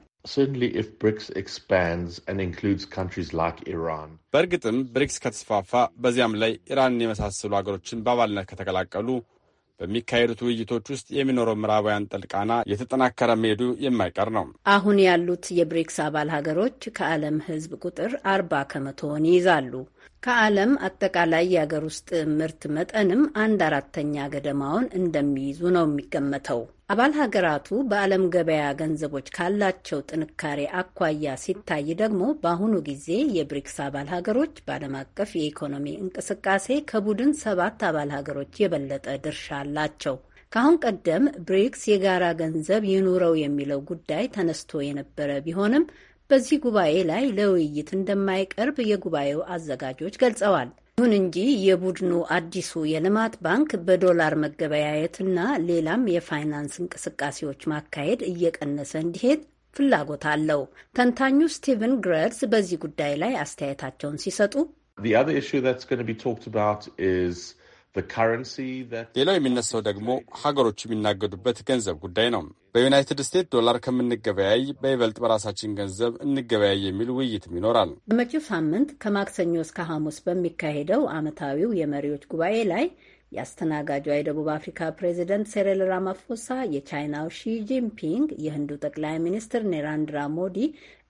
በእርግጥም ብሪክስ ከተስፋፋ በዚያም ላይ ኢራንን የመሳሰሉ አገሮችን በአባልነት ከተቀላቀሉ በሚካሄዱት ውይይቶች ውስጥ የሚኖረው ምዕራባውያን ጥልቃና የተጠናከረ መሄዱ የማይቀር ነው። አሁን ያሉት የብሪክስ አባል ሀገሮች ከዓለም ሕዝብ ቁጥር አርባ ከመቶውን ይይዛሉ። ከዓለም አጠቃላይ የአገር ውስጥ ምርት መጠንም አንድ አራተኛ ገደማውን እንደሚይዙ ነው የሚገመተው። አባል ሀገራቱ በዓለም ገበያ ገንዘቦች ካላቸው ጥንካሬ አኳያ ሲታይ ደግሞ በአሁኑ ጊዜ የብሪክስ አባል ሀገሮች በዓለም አቀፍ የኢኮኖሚ እንቅስቃሴ ከቡድን ሰባት አባል ሀገሮች የበለጠ ድርሻ አላቸው። ከአሁን ቀደም ብሪክስ የጋራ ገንዘብ ይኑረው የሚለው ጉዳይ ተነስቶ የነበረ ቢሆንም በዚህ ጉባኤ ላይ ለውይይት እንደማይቀርብ የጉባኤው አዘጋጆች ገልጸዋል። ይሁን እንጂ የቡድኑ አዲሱ የልማት ባንክ በዶላር መገበያየትና ሌላም የፋይናንስ እንቅስቃሴዎች ማካሄድ እየቀነሰ እንዲሄድ ፍላጎት አለው። ተንታኙ ስቲቨን ግረድስ በዚህ ጉዳይ ላይ አስተያየታቸውን ሲሰጡ ሌላው የሚነሳው ደግሞ ሀገሮች የሚናገዱበት ገንዘብ ጉዳይ ነው። በዩናይትድ ስቴትስ ዶላር ከምንገበያይ በይበልጥ በራሳችን ገንዘብ እንገበያይ የሚል ውይይትም ይኖራል። በመጪው ሳምንት ከማክሰኞ እስከ ሐሙስ በሚካሄደው ዓመታዊው የመሪዎች ጉባኤ ላይ የአስተናጋጇ የደቡብ አፍሪካ ፕሬዚደንት ሴሬል ራማፎሳ፣ የቻይናው ሺ ጂንፒንግ፣ የህንዱ ጠቅላይ ሚኒስትር ኔራንድራ ሞዲ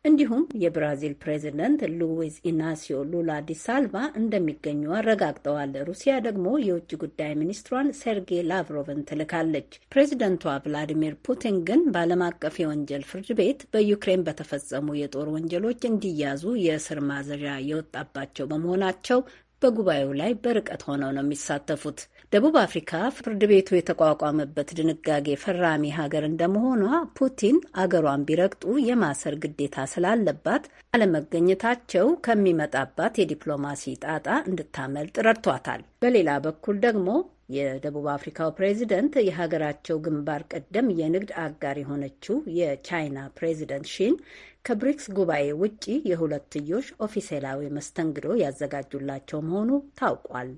እንዲሁም የብራዚል ፕሬዚደንት ሉዊዝ ኢናሲዮ ሉላ ዲሳልቫ እንደሚገኙ አረጋግጠዋል። ሩሲያ ደግሞ የውጭ ጉዳይ ሚኒስትሯን ሴርጌይ ላቭሮቭን ትልካለች። ፕሬዚደንቷ ቭላዲሚር ፑቲን ግን በዓለም አቀፍ የወንጀል ፍርድ ቤት በዩክሬን በተፈጸሙ የጦር ወንጀሎች እንዲያዙ የእስር ማዘዣ የወጣባቸው በመሆናቸው በጉባኤው ላይ በርቀት ሆነው ነው የሚሳተፉት። ደቡብ አፍሪካ ፍርድ ቤቱ የተቋቋመበት ድንጋጌ ፈራሚ ሀገር እንደመሆኗ ፑቲን አገሯን ቢረግጡ የማሰር ግዴታ ስላለባት አለመገኘታቸው ከሚመጣባት የዲፕሎማሲ ጣጣ እንድታመልጥ ረድቷታል። በሌላ በኩል ደግሞ የደቡብ አፍሪካው ፕሬዚደንት የሀገራቸው ግንባር ቀደም የንግድ አጋር የሆነችው የቻይና ፕሬዚደንት ሺን ከብሪክስ ጉባኤ ውጪ የሁለትዮሽ ኦፊሴላዊ መስተንግዶ ያዘጋጁላቸው መሆኑ ታውቋል።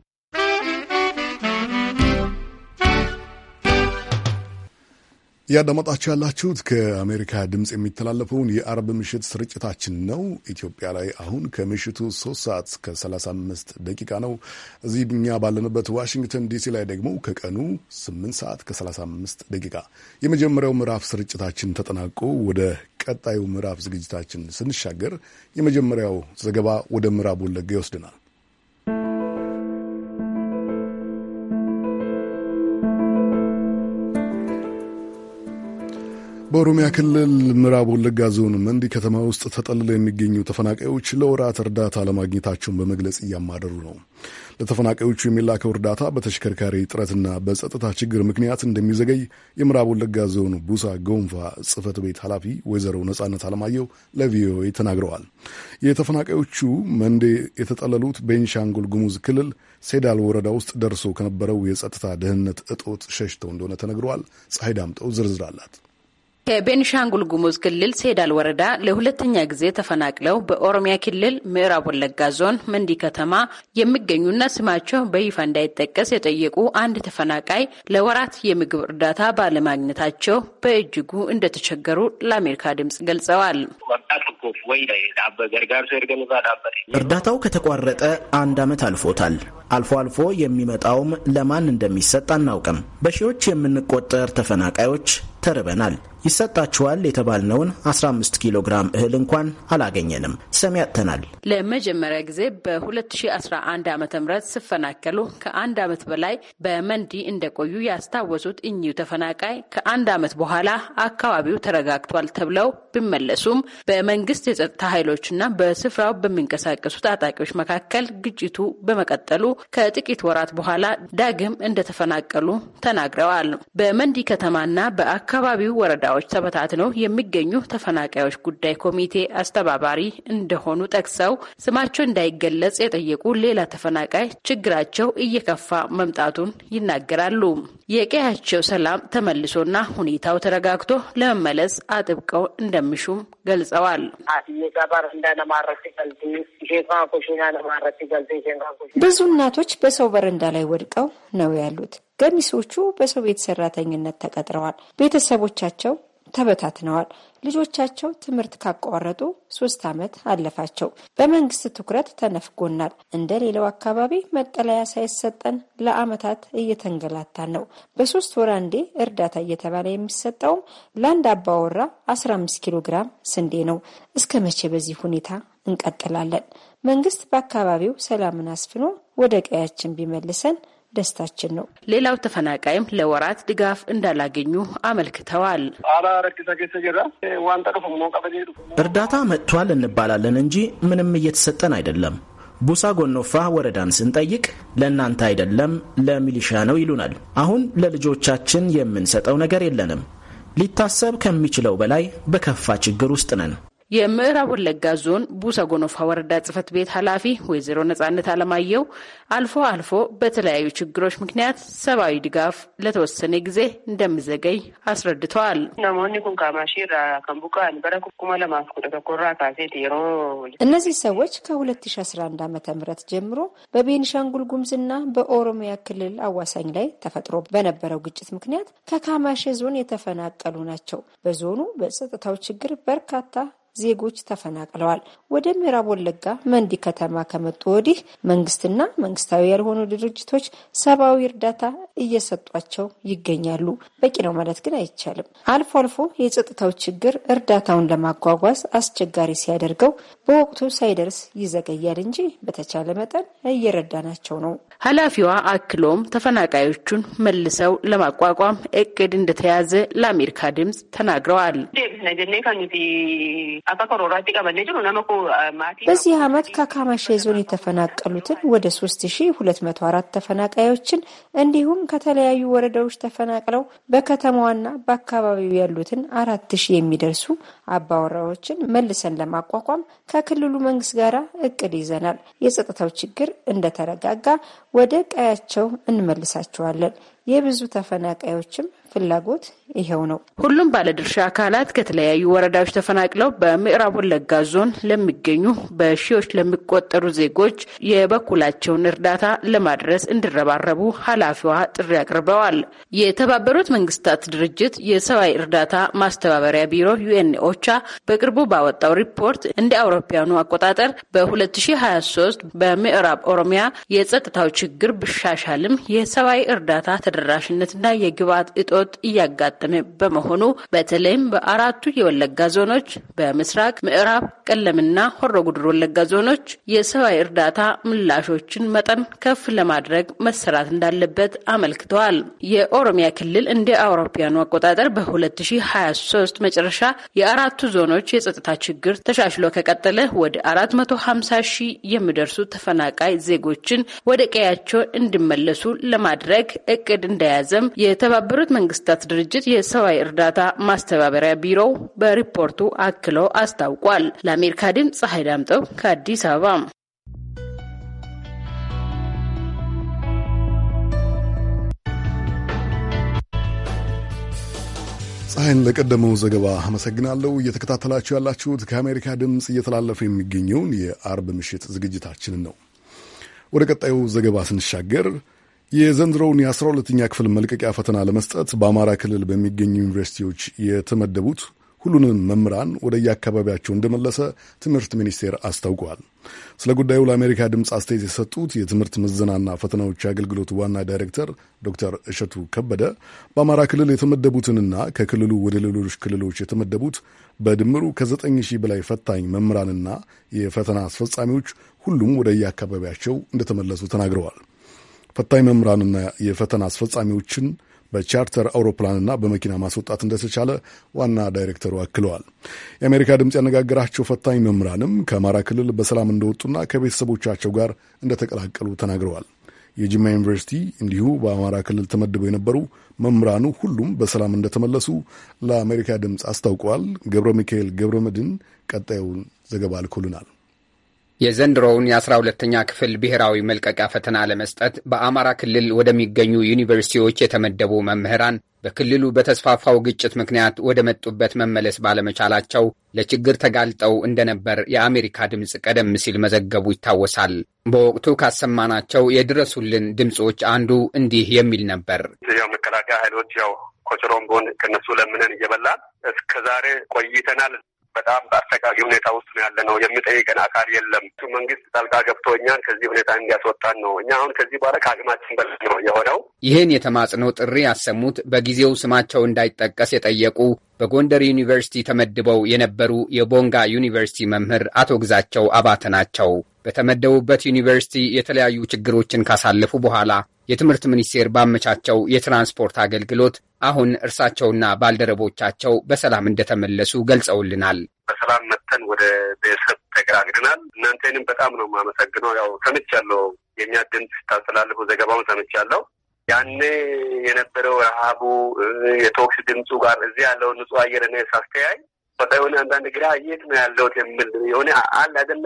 እያዳመጣችሁ ያላችሁት ከአሜሪካ ድምፅ የሚተላለፈውን የአርብ ምሽት ስርጭታችን ነው። ኢትዮጵያ ላይ አሁን ከምሽቱ ሶስት ሰዓት ከሰላሳ አምስት ደቂቃ ነው። እዚህ እኛ ባለንበት ዋሽንግተን ዲሲ ላይ ደግሞ ከቀኑ ስምንት ሰዓት ከሰላሳ አምስት ደቂቃ የመጀመሪያው ምዕራፍ ስርጭታችን ተጠናቆ ወደ ቀጣዩ ምዕራፍ ዝግጅታችን ስንሻገር የመጀመሪያው ዘገባ ወደ ምዕራብ ወለጋ ይወስድናል። በኦሮሚያ ክልል ምዕራብ ወለጋ ዞን መንዲ ከተማ ውስጥ ተጠልለው የሚገኙ ተፈናቃዮች ለወራት እርዳታ ለማግኘታቸውን በመግለጽ እያማደሩ ነው። ለተፈናቃዮቹ የሚላከው እርዳታ በተሽከርካሪ እጥረትና በጸጥታ ችግር ምክንያት እንደሚዘገይ የምዕራብ ወለጋ ዞን ቡሳ ጎንፋ ጽህፈት ቤት ኃላፊ ወይዘሮ ነጻነት አለማየሁ ለቪኦኤ ተናግረዋል። የተፈናቃዮቹ መንዴ የተጠለሉት ቤንሻንጉል ጉሙዝ ክልል ሴዳል ወረዳ ውስጥ ደርሶ ከነበረው የጸጥታ ደህንነት እጦት ሸሽተው እንደሆነ ተነግረዋል። ፀሐይ ዳምጠው ዝርዝር አላት። ከቤንሻንጉል ጉሙዝ ክልል ሴዳል ወረዳ ለሁለተኛ ጊዜ ተፈናቅለው በኦሮሚያ ክልል ምዕራብ ወለጋ ዞን መንዲ ከተማ የሚገኙና ስማቸው በይፋ እንዳይጠቀስ የጠየቁ አንድ ተፈናቃይ ለወራት የምግብ እርዳታ ባለማግኘታቸው በእጅጉ እንደተቸገሩ ለአሜሪካ ድምጽ ገልጸዋል። እርዳታው ከተቋረጠ አንድ ዓመት አልፎታል። አልፎ አልፎ የሚመጣውም ለማን እንደሚሰጥ አናውቅም። በሺዎች የምንቆጠር ተፈናቃዮች ተርበናል። ይሰጣችኋል የተባልነውን 15 ኪሎ ግራም እህል እንኳን አላገኘንም። ሰሚ ያጥተናል። ለመጀመሪያ ጊዜ በ2011 ዓ ም ስፈናከሉ ከአንድ ዓመት በላይ በመንዲ እንደቆዩ ያስታወሱት እኚሁ ተፈናቃይ ከአንድ ዓመት በኋላ አካባቢው ተረጋግቷል ተብለው ቢመለሱም በመንግስት የጸጥታ ኃይሎችና በስፍራው በሚንቀሳቀሱ ታጣቂዎች መካከል ግጭቱ በመቀጠሉ ከጥቂት ወራት በኋላ ዳግም እንደተፈናቀሉ ተናግረዋል። በመንዲ ከተማና በአካባቢው ወረዳዎች ተበታትነው የሚገኙ ተፈናቃዮች ጉዳይ ኮሚቴ አስተባባሪ እንደሆኑ ጠቅሰው ስማቸው እንዳይገለጽ የጠየቁ ሌላ ተፈናቃይ ችግራቸው እየከፋ መምጣቱን ይናገራሉ። የቀያቸው ሰላም ተመልሶና ሁኔታው ተረጋግቶ ለመመለስ አጥብቀው እንደሚሹም ገልጸዋል። ብዙ እናት እናቶች በሰው በረንዳ ላይ ወድቀው ነው ያሉት። ገሚሶቹ በሰው ቤት ሰራተኝነት ተቀጥረዋል። ቤተሰቦቻቸው ተበታትነዋል። ልጆቻቸው ትምህርት ካቋረጡ ሶስት ዓመት አለፋቸው። በመንግስት ትኩረት ተነፍጎናል። እንደ ሌላው አካባቢ መጠለያ ሳይሰጠን ለአመታት እየተንገላታን ነው። በሶስት ወር አንዴ እርዳታ እየተባለ የሚሰጠውም ለአንድ አባወራ 15 ኪሎ ግራም ስንዴ ነው። እስከ መቼ በዚህ ሁኔታ እንቀጥላለን? መንግስት በአካባቢው ሰላምን አስፍኖ ወደ ቀያችን ቢመልሰን ደስታችን ነው። ሌላው ተፈናቃይም ለወራት ድጋፍ እንዳላገኙ አመልክተዋል። እርዳታ መጥቷል እንባላለን እንጂ ምንም እየተሰጠን አይደለም። ቡሳ ጎኖፋ ወረዳን ስንጠይቅ ለእናንተ አይደለም ለሚሊሻ ነው ይሉናል። አሁን ለልጆቻችን የምንሰጠው ነገር የለንም። ሊታሰብ ከሚችለው በላይ በከፋ ችግር ውስጥ ነን። የምዕራብ ወለጋ ዞን ቡሳ ጎኖፋ ወረዳ ጽህፈት ቤት ኃላፊ ወይዘሮ ነጻነት አለማየሁ አልፎ አልፎ በተለያዩ ችግሮች ምክንያት ሰብአዊ ድጋፍ ለተወሰነ ጊዜ እንደሚዘገይ አስረድተዋል። እነዚህ ሰዎች ከ2011 ዓ ም ጀምሮ በቤኒሻንጉል ጉምዝና በኦሮሚያ ክልል አዋሳኝ ላይ ተፈጥሮ በነበረው ግጭት ምክንያት ከካማሼ ዞን የተፈናቀሉ ናቸው። በዞኑ በጸጥታው ችግር በርካታ ዜጎች ተፈናቅለዋል። ወደ ምዕራብ ወለጋ መንዲ ከተማ ከመጡ ወዲህ መንግስትና መንግስታዊ ያልሆኑ ድርጅቶች ሰብአዊ እርዳታ እየሰጧቸው ይገኛሉ። በቂ ነው ማለት ግን አይቻልም። አልፎ አልፎ የጸጥታው ችግር እርዳታውን ለማጓጓዝ አስቸጋሪ ሲያደርገው በወቅቱ ሳይደርስ ይዘገያል እንጂ በተቻለ መጠን እየረዳናቸው ነው። ኃላፊዋ አክሎም ተፈናቃዮቹን መልሰው ለማቋቋም እቅድ እንደተያዘ ለአሜሪካ ድምጽ ተናግረዋል። በዚህ ዓመት ከካማሼ ዞን የተፈናቀሉትን ወደ ሶስት ሺ ሁለት መቶ አራት ተፈናቃዮችን እንዲሁም ከተለያዩ ወረዳዎች ተፈናቅለው በከተማዋና በአካባቢው ያሉትን አራት ሺ የሚደርሱ አባወራዎችን መልሰን ለማቋቋም ከክልሉ መንግስት ጋር እቅድ ይዘናል። የጸጥታው ችግር እንደተረጋጋ ወደ ቀያቸው እንመልሳቸዋለን። የብዙ ተፈናቃዮችም ፍላጎት ይኸው ነው። ሁሉም ባለድርሻ አካላት ከተለያዩ ወረዳዎች ተፈናቅለው በምዕራብ ወለጋ ዞን ለሚገኙ በሺዎች ለሚቆጠሩ ዜጎች የበኩላቸውን እርዳታ ለማድረስ እንዲረባረቡ ኃላፊዋ ጥሪ አቅርበዋል። የተባበሩት መንግስታት ድርጅት የሰብአዊ እርዳታ ማስተባበሪያ ቢሮ ዩኤን ኦቻ በቅርቡ ባወጣው ሪፖርት እንደ አውሮፓውያኑ አቆጣጠር በ2023 በምዕራብ ኦሮሚያ የጸጥታው ችግር ብሻሻልም የሰብአዊ እርዳታ ተደራሽነትና የግብዓት እጦት እያጋጠመ በመሆኑ በተለይም በአራቱ የወለጋ ዞኖች በምስራቅ ምዕራብ፣ ቀለምና ሆሮ ጉድሩ ወለጋ ዞኖች የሰብአዊ እርዳታ ምላሾችን መጠን ከፍ ለማድረግ መሰራት እንዳለበት አመልክተዋል። የኦሮሚያ ክልል እንደ አውሮፓውያኑ አቆጣጠር በ2023 መጨረሻ የአራቱ ዞኖች የጸጥታ ችግር ተሻሽሎ ከቀጠለ ወደ 450 ሺህ የሚደርሱ ተፈናቃይ ዜጎችን ወደ ቀያቸው እንዲመለሱ ለማድረግ እቅድ እንደያዘም የተባበሩት መንግስታት ድርጅት የሰብአዊ እርዳታ ማስተባበሪያ ቢሮው በሪፖርቱ አክሎ አስታውቋል። ለአሜሪካ ድምፅ ፀሐይ ዳምጠው ከአዲስ አበባ። ፀሐይን ለቀደመው ዘገባ አመሰግናለሁ። እየተከታተላችሁ ያላችሁት ከአሜሪካ ድምፅ እየተላለፈ የሚገኘውን የአርብ ምሽት ዝግጅታችንን ነው። ወደ ቀጣዩ ዘገባ ስንሻገር የዘንድሮውን የ12ኛ ክፍል መልቀቂያ ፈተና ለመስጠት በአማራ ክልል በሚገኙ ዩኒቨርሲቲዎች የተመደቡት ሁሉንም መምህራን ወደ የአካባቢያቸው እንደመለሰ ትምህርት ሚኒስቴር አስታውቋል። ስለ ጉዳዩ ለአሜሪካ ድምፅ አስተያየት የሰጡት የትምህርት ምዘናና ፈተናዎች አገልግሎት ዋና ዳይሬክተር ዶክተር እሸቱ ከበደ በአማራ ክልል የተመደቡትንና ከክልሉ ወደ ሌሎች ክልሎች የተመደቡት በድምሩ ከዘጠኝ ሺህ በላይ ፈታኝ መምህራንና የፈተና አስፈጻሚዎች ሁሉም ወደ የአካባቢያቸው እንደተመለሱ ተናግረዋል። ፈታኝ መምህራንና የፈተና አስፈጻሚዎችን በቻርተር አውሮፕላንና በመኪና ማስወጣት እንደተቻለ ዋና ዳይሬክተሩ አክለዋል። የአሜሪካ ድምፅ ያነጋገራቸው ፈታኝ መምህራንም ከአማራ ክልል በሰላም እንደወጡና ከቤተሰቦቻቸው ጋር እንደተቀላቀሉ ተናግረዋል። የጅማ ዩኒቨርሲቲ እንዲሁ በአማራ ክልል ተመድበው የነበሩ መምህራኑ ሁሉም በሰላም እንደተመለሱ ለአሜሪካ ድምፅ አስታውቀዋል። ገብረ ሚካኤል ገብረ መድን ቀጣዩን ዘገባ ልኮልናል። የዘንድሮውን የአስራ ሁለተኛ ክፍል ብሔራዊ መልቀቂያ ፈተና ለመስጠት በአማራ ክልል ወደሚገኙ ዩኒቨርሲቲዎች የተመደቡ መምህራን በክልሉ በተስፋፋው ግጭት ምክንያት ወደ መጡበት መመለስ ባለመቻላቸው ለችግር ተጋልጠው እንደነበር የአሜሪካ ድምፅ ቀደም ሲል መዘገቡ ይታወሳል። በወቅቱ ካሰማናቸው የድረሱልን ድምፆች አንዱ እንዲህ የሚል ነበር። ያው መከላከያ ኃይሎች ያው ኮቾሮንጎን ከነሱ ለምነን እየበላን እስከ ዛሬ ቆይተናል። በጣም በአሰቃቂ ሁኔታ ውስጥ ነው ያለ ነው። የሚጠይቀን አካል የለም። መንግስት ጣልቃ ገብቶ እኛን ከዚህ ሁኔታ እንዲያስወጣን ነው። እኛ አሁን ከዚህ በኋላ ከአቅማችን በላይ ነው የሆነው። ይህን የተማጽኖ ጥሪ ያሰሙት በጊዜው ስማቸው እንዳይጠቀስ የጠየቁ በጎንደር ዩኒቨርሲቲ ተመድበው የነበሩ የቦንጋ ዩኒቨርሲቲ መምህር አቶ ግዛቸው አባተ ናቸው። በተመደቡበት ዩኒቨርሲቲ የተለያዩ ችግሮችን ካሳለፉ በኋላ የትምህርት ሚኒስቴር ባመቻቸው የትራንስፖርት አገልግሎት አሁን እርሳቸውና ባልደረቦቻቸው በሰላም እንደተመለሱ ገልጸውልናል። በሰላም መተን ወደ ቤተሰብ ተገራግድናል። እናንተንም በጣም ነው የማመሰግነው። ያው ሰምቻለሁ፣ የእኛ ድምፅ ዘገባውን ሰምቻለሁ። ያኔ የነበረው ረሃቡ የቶክስ ድምፁ ጋር እዚህ ያለው ንጹህ አየር እኔ ሳስተያይ በቃ የሆነ አንዳንድ ግራ የት ነው ያለሁት የምል የሆነ አለ አይደለ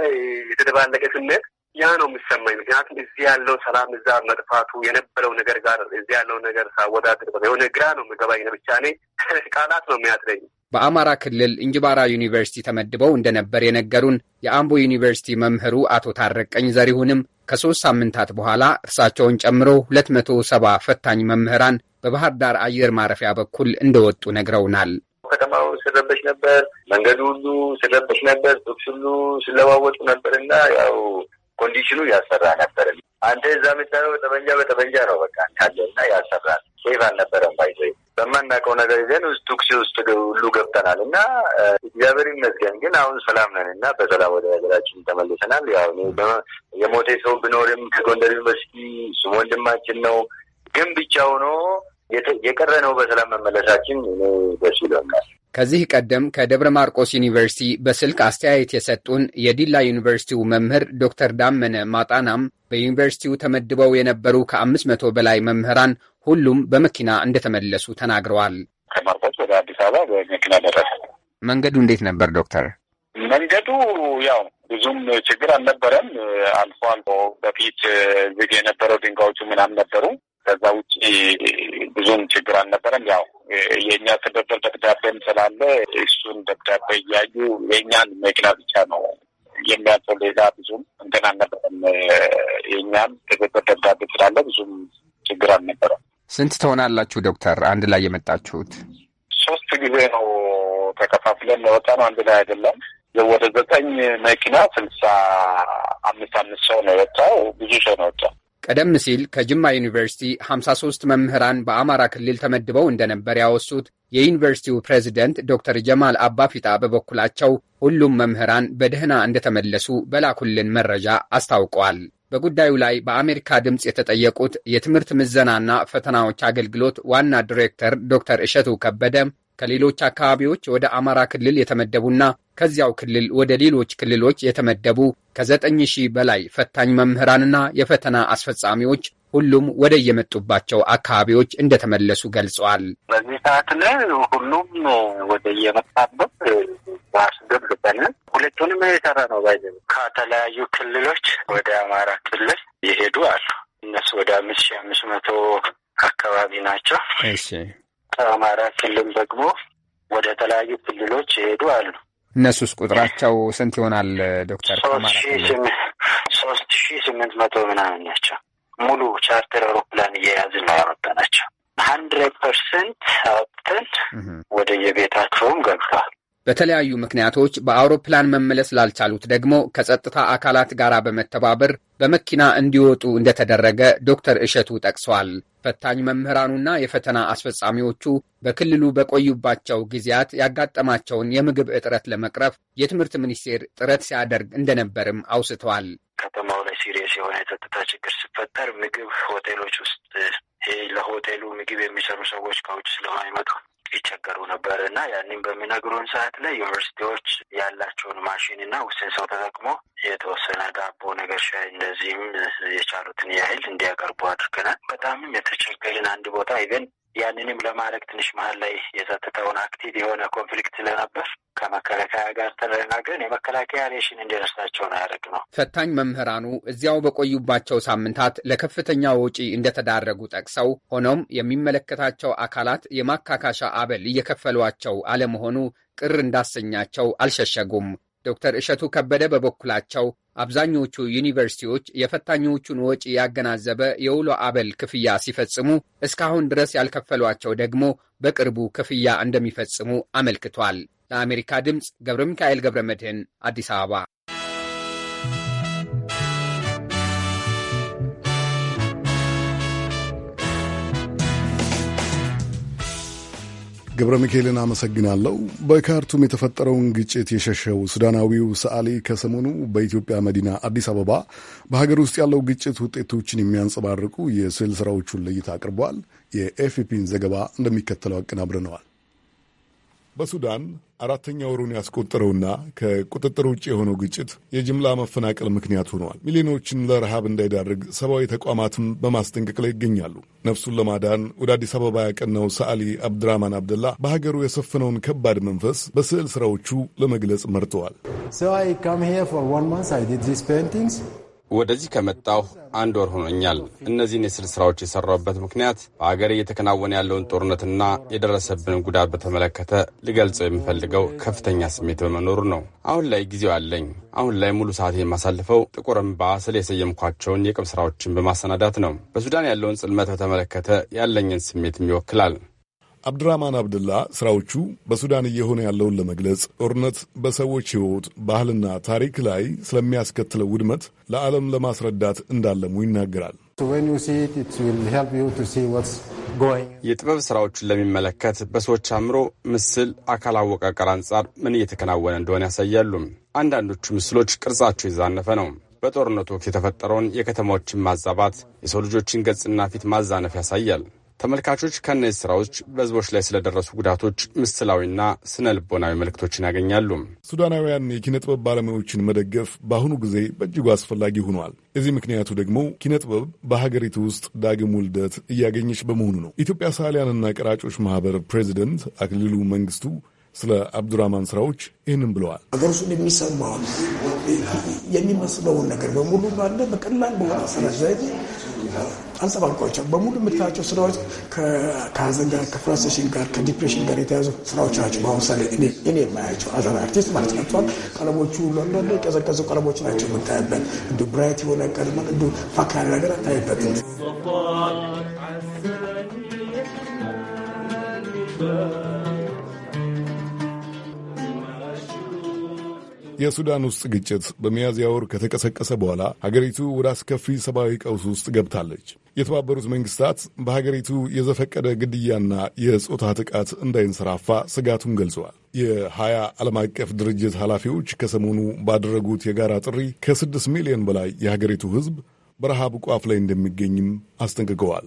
የተደባለቀ ስሜት ያ ነው የሚሰማኝ። ምክንያቱም እዚህ ያለው ሰላም እዛ መጥፋቱ የነበረው ነገር ጋር እዚህ ያለው ነገር ሳወዳድር የሆነ ግራ ነው የሚገባኝ። ብቻ እኔ ቃላት ነው የሚያጥረኝ። በአማራ ክልል እንጅባራ ዩኒቨርሲቲ ተመድበው እንደነበር የነገሩን የአምቦ ዩኒቨርሲቲ መምህሩ አቶ ታረቀኝ ዘሪሁንም ከሦስት ሳምንታት በኋላ እርሳቸውን ጨምሮ 270 ፈታኝ መምህራን በባህር ዳር አየር ማረፊያ በኩል እንደወጡ ነግረውናል። ከተማው ስረበሽ ነበር፣ መንገዱ ሁሉ ስረበሽ ነበር፣ ጥቅስ ሁሉ ስለዋወጡ ነበር እና ያው ኮንዲሽኑ ያሰራ ነበር። አንተ እዛ የምታየው ጠበንጃ በጠበንጃ ነው በቃ ካለ እና ያሰራል ሴቭ አልነበረም ባይዘ በማናውቀው ነገር ይዘን ውስጥ ቱክሲ ውስጥ ሁሉ ገብተናል እና እግዚአብሔር ይመስገን ግን አሁን ሰላም ነን እና በሰላም ወደ ሀገራችን ተመልሰናል። ያው የሞቴ ሰው ብኖርም ከጎንደር ዩኒቨርሲቲ እሱም ወንድማችን ነው። ግን ብቻ ሆኖ የቀረ ነው በሰላም መመለሳችን ደስ ይለናል። ከዚህ ቀደም ከደብረ ማርቆስ ዩኒቨርሲቲ በስልክ አስተያየት የሰጡን የዲላ ዩኒቨርሲቲው መምህር ዶክተር ዳመነ ማጣናም በዩኒቨርሲቲው ተመድበው የነበሩ ከአምስት መቶ በላይ መምህራን ሁሉም በመኪና እንደተመለሱ ተናግረዋል። ከማርቆስ ወደ አዲስ አበባ በመኪና ደረሰ። መንገዱ እንዴት ነበር ዶክተር? መንገዱ ያው ብዙም ችግር አልነበረም። አልፎ አልፎ በፊት ዝግ የነበረው ድንጋዮቹ ምናምን ነበሩ። ከዛ ውጭ ብዙም ችግር አልነበረም። ያው የእኛ ትብብር ደብዳቤ ስላለ እሱን ደብዳቤ እያዩ የእኛን መኪና ብቻ ነው የሚያልፈው። ሌላ ብዙም እንትን አልነበረም። የእኛን ትብብር ደብዳቤ ስላለ ብዙም ችግር አልነበረም። ስንት ትሆናላችሁ ዶክተር? አንድ ላይ የመጣችሁት ሶስት ጊዜ ነው ተከፋፍለን ለወጣ ነው። አንድ ላይ አይደለም። ወደ ዘጠኝ መኪና ስልሳ አምስት አምስት ሰው ነው የወጣው። ብዙ ሰው ነው የወጣው። ቀደም ሲል ከጅማ ዩኒቨርሲቲ 53 መምህራን በአማራ ክልል ተመድበው እንደነበር ያወሱት የዩኒቨርሲቲው ፕሬዚደንት ዶክተር ጀማል አባፊጣ በበኩላቸው ሁሉም መምህራን በደህና እንደተመለሱ በላኩልን መረጃ አስታውቀዋል። በጉዳዩ ላይ በአሜሪካ ድምፅ የተጠየቁት የትምህርት ምዘናና ፈተናዎች አገልግሎት ዋና ዲሬክተር ዶክተር እሸቱ ከበደ ከሌሎች አካባቢዎች ወደ አማራ ክልል የተመደቡና ከዚያው ክልል ወደ ሌሎች ክልሎች የተመደቡ ከዘጠኝ ሺህ በላይ ፈታኝ መምህራንና የፈተና አስፈጻሚዎች ሁሉም ወደ የመጡባቸው አካባቢዎች እንደተመለሱ ገልጸዋል። በዚህ ሰዓት ላይ ሁሉም ወደ የመጣበት አስገብተናል። ሁለቱንም የሰራ ነው ባይ ከተለያዩ ክልሎች ወደ አማራ ክልል የሄዱ አሉ። እነሱ ወደ አምስት ሺህ አምስት መቶ አካባቢ ናቸው። አማራ ክልል ደግሞ ወደ ተለያዩ ክልሎች የሄዱ አሉ። እነሱስ ቁጥራቸው ስንት ይሆናል ዶክተር? ሶስት ሺ ስምንት መቶ ምናምን ናቸው። ሙሉ ቻርተር አውሮፕላን እየያዝን ነው ያመጣናቸው። ሀንድሬድ ፐርሰንት አወጥተን ወደ የቤታቸውም ገብተዋል። በተለያዩ ምክንያቶች በአውሮፕላን መመለስ ላልቻሉት ደግሞ ከጸጥታ አካላት ጋር በመተባበር በመኪና እንዲወጡ እንደተደረገ ዶክተር እሸቱ ጠቅሰዋል። ፈታኝ መምህራኑና የፈተና አስፈጻሚዎቹ በክልሉ በቆዩባቸው ጊዜያት ያጋጠማቸውን የምግብ እጥረት ለመቅረፍ የትምህርት ሚኒስቴር ጥረት ሲያደርግ እንደነበርም አውስተዋል። ከተማው ላይ ሲሪየስ የሆነ የጸጥታ ችግር ሲፈጠር ምግብ ሆቴሎች ውስጥ ይሄ ለሆቴሉ ምግብ የሚሰሩ ሰዎች ከውጭ ስለማይመጡ ይቸገሩ ነበር እና ያንን በሚነግሩን ሰዓት ላይ ዩኒቨርሲቲዎች ያላቸውን ማሽን እና ውስን ሰው ተጠቅሞ የተወሰነ ዳቦ ነገር ሻይ እንደዚህም የቻሉትን ያህል እንዲያቀርቡ አድርገናል። በጣምም የተቸገርን አንድ ቦታ ኢቨን ያንንም ለማድረግ ትንሽ መሀል ላይ የጸጥታውን አክቲቭ የሆነ ኮንፍሊክት ስለነበር ከመከላከያ ጋር ተነጋግረን የመከላከያ ሬሽን እንዲደርሳቸው ነው ፈታኝ መምህራኑ እዚያው በቆዩባቸው ሳምንታት ለከፍተኛ ወጪ እንደተዳረጉ ጠቅሰው፣ ሆኖም የሚመለከታቸው አካላት የማካካሻ አበል እየከፈሏቸው አለመሆኑ ቅር እንዳሰኛቸው አልሸሸጉም። ዶክተር እሸቱ ከበደ በበኩላቸው አብዛኞቹ ዩኒቨርሲቲዎች የፈታኞቹን ወጪ ያገናዘበ የውሎ አበል ክፍያ ሲፈጽሙ እስካሁን ድረስ ያልከፈሏቸው ደግሞ በቅርቡ ክፍያ እንደሚፈጽሙ አመልክቷል። ለአሜሪካ ድምፅ ገብረ ሚካኤል ገብረ መድህን አዲስ አበባ ገብረ ሚካኤልን አመሰግናለሁ። በካርቱም የተፈጠረውን ግጭት የሸሸው ሱዳናዊው ሰዓሊ ከሰሞኑ በኢትዮጵያ መዲና አዲስ አበባ በሀገር ውስጥ ያለው ግጭት ውጤቶችን የሚያንጸባርቁ የስዕል ስራዎቹን ለእይታ አቅርበዋል። የኤፍፒን ዘገባ እንደሚከተለው አቀናብረነዋል። በሱዳን አራተኛ ወሩን ያስቆጠረውና ከቁጥጥር ውጭ የሆነው ግጭት የጅምላ መፈናቀል ምክንያት ሆነዋል። ሚሊዮኖችን ለረሃብ እንዳይዳርግ ሰብአዊ ተቋማትም በማስጠንቀቅ ላይ ይገኛሉ። ነፍሱን ለማዳን ወደ አዲስ አበባ ያቀናው ሰዓሊ አብድራማን አብደላ በሀገሩ የሰፈነውን ከባድ መንፈስ በስዕል ስራዎቹ ለመግለጽ መርጠዋል። ወደዚህ ከመጣሁ አንድ ወር ሆኖኛል። እነዚህን የስል ስራዎች የሰራሁበት ምክንያት በሀገር እየተከናወነ ያለውን ጦርነትና የደረሰብንን ጉዳት በተመለከተ ልገልጸው የምፈልገው ከፍተኛ ስሜት በመኖሩ ነው። አሁን ላይ ጊዜው አለኝ። አሁን ላይ ሙሉ ሰዓት የማሳልፈው ጥቁር እምባ ስል የሰየምኳቸውን የቅብ ስራዎችን በማሰናዳት ነው። በሱዳን ያለውን ጽልመት በተመለከተ ያለኝን ስሜትም ይወክላል። አብድራማን አብድላ ስራዎቹ በሱዳን እየሆነ ያለውን ለመግለጽ ጦርነት በሰዎች ሕይወት፣ ባህልና ታሪክ ላይ ስለሚያስከትለው ውድመት ለዓለም ለማስረዳት እንዳለሙ ይናገራል። የጥበብ ስራዎቹን ለሚመለከት በሰዎች አእምሮ ምስል፣ አካል አወቃቀር አንጻር ምን እየተከናወነ እንደሆነ ያሳያሉ። አንዳንዶቹ ምስሎች ቅርጻቸው የዛነፈ ነው። በጦርነቱ ወቅት የተፈጠረውን የከተማዎችን ማዛባት፣ የሰው ልጆችን ገጽና ፊት ማዛነፍ ያሳያል። ተመልካቾች ከእነዚህ ስራዎች በህዝቦች ላይ ስለደረሱ ጉዳቶች ምስላዊና ስነ ልቦናዊ መልእክቶችን ያገኛሉ። ሱዳናውያን የኪነ ጥበብ ባለሙያዎችን መደገፍ በአሁኑ ጊዜ በእጅጉ አስፈላጊ ሆኗል። የዚህ ምክንያቱ ደግሞ ኪነ ጥበብ በሀገሪቱ ውስጥ ዳግም ውልደት እያገኘች በመሆኑ ነው። ኢትዮጵያ ሰዓሊያንና ቀራጮች ማህበር ፕሬዚደንት አክሊሉ መንግስቱ ስለ አብዱራማን ስራዎች ይህንን ብለዋል። አገርሱን የሚሰማውን የሚመስለውን ነገር በሙሉ ባለ በቀላል በሆነ ስራ አንጸባርቋቸው በሙሉ የምታያቸው ስራዎች ከሀዘን ጋር ከፍራስትሬሽን ጋር ከዲፕሬሽን ጋር የተያዙ ስራዎች ናቸው። በአሁኑ ሰ እኔ የማያቸው አዘን አርቲስት ማለት ገብቷል። ቀለሞቹ ለንዳንዱ የቀዘቀዙ ቀለሞች ናቸው የምታያበት። እንዲ ብራይት የሆነ ቀድማ እንዲ ፋካ ያለ ነገር አታይበት። Thank የሱዳን ውስጥ ግጭት በሚያዝያ ወር ከተቀሰቀሰ በኋላ ሀገሪቱ ወደ አስከፊ ሰብአዊ ቀውስ ውስጥ ገብታለች። የተባበሩት መንግስታት በሀገሪቱ የዘፈቀደ ግድያና የጾታ ጥቃት እንዳይንሰራፋ ስጋቱን ገልጸዋል። የሀያ ዓለም አቀፍ ድርጅት ኃላፊዎች ከሰሞኑ ባደረጉት የጋራ ጥሪ ከስድስት ሚሊዮን በላይ የሀገሪቱ ህዝብ በረሃብ ቋፍ ላይ እንደሚገኝም አስጠንቅቀዋል።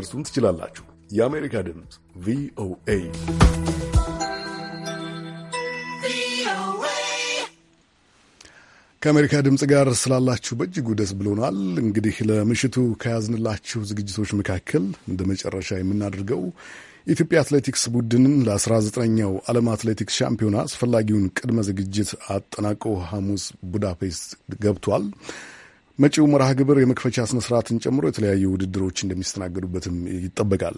ልታደርሱን ትችላላችሁ። የአሜሪካ ድምፅ ቪኦኤ ከአሜሪካ ድምፅ ጋር ስላላችሁ በእጅጉ ደስ ብሎናል። እንግዲህ ለምሽቱ ከያዝንላችሁ ዝግጅቶች መካከል እንደ መጨረሻ የምናደርገው የኢትዮጵያ አትሌቲክስ ቡድንን ለ19ኛው ዓለም አትሌቲክስ ሻምፒዮና አስፈላጊውን ቅድመ ዝግጅት አጠናቆ ሐሙስ ቡዳፔስት ገብቷል። መጪው መርሃ ግብር የመክፈቻ ስነስርዓትን ጨምሮ የተለያዩ ውድድሮች እንደሚስተናገዱበትም ይጠበቃል።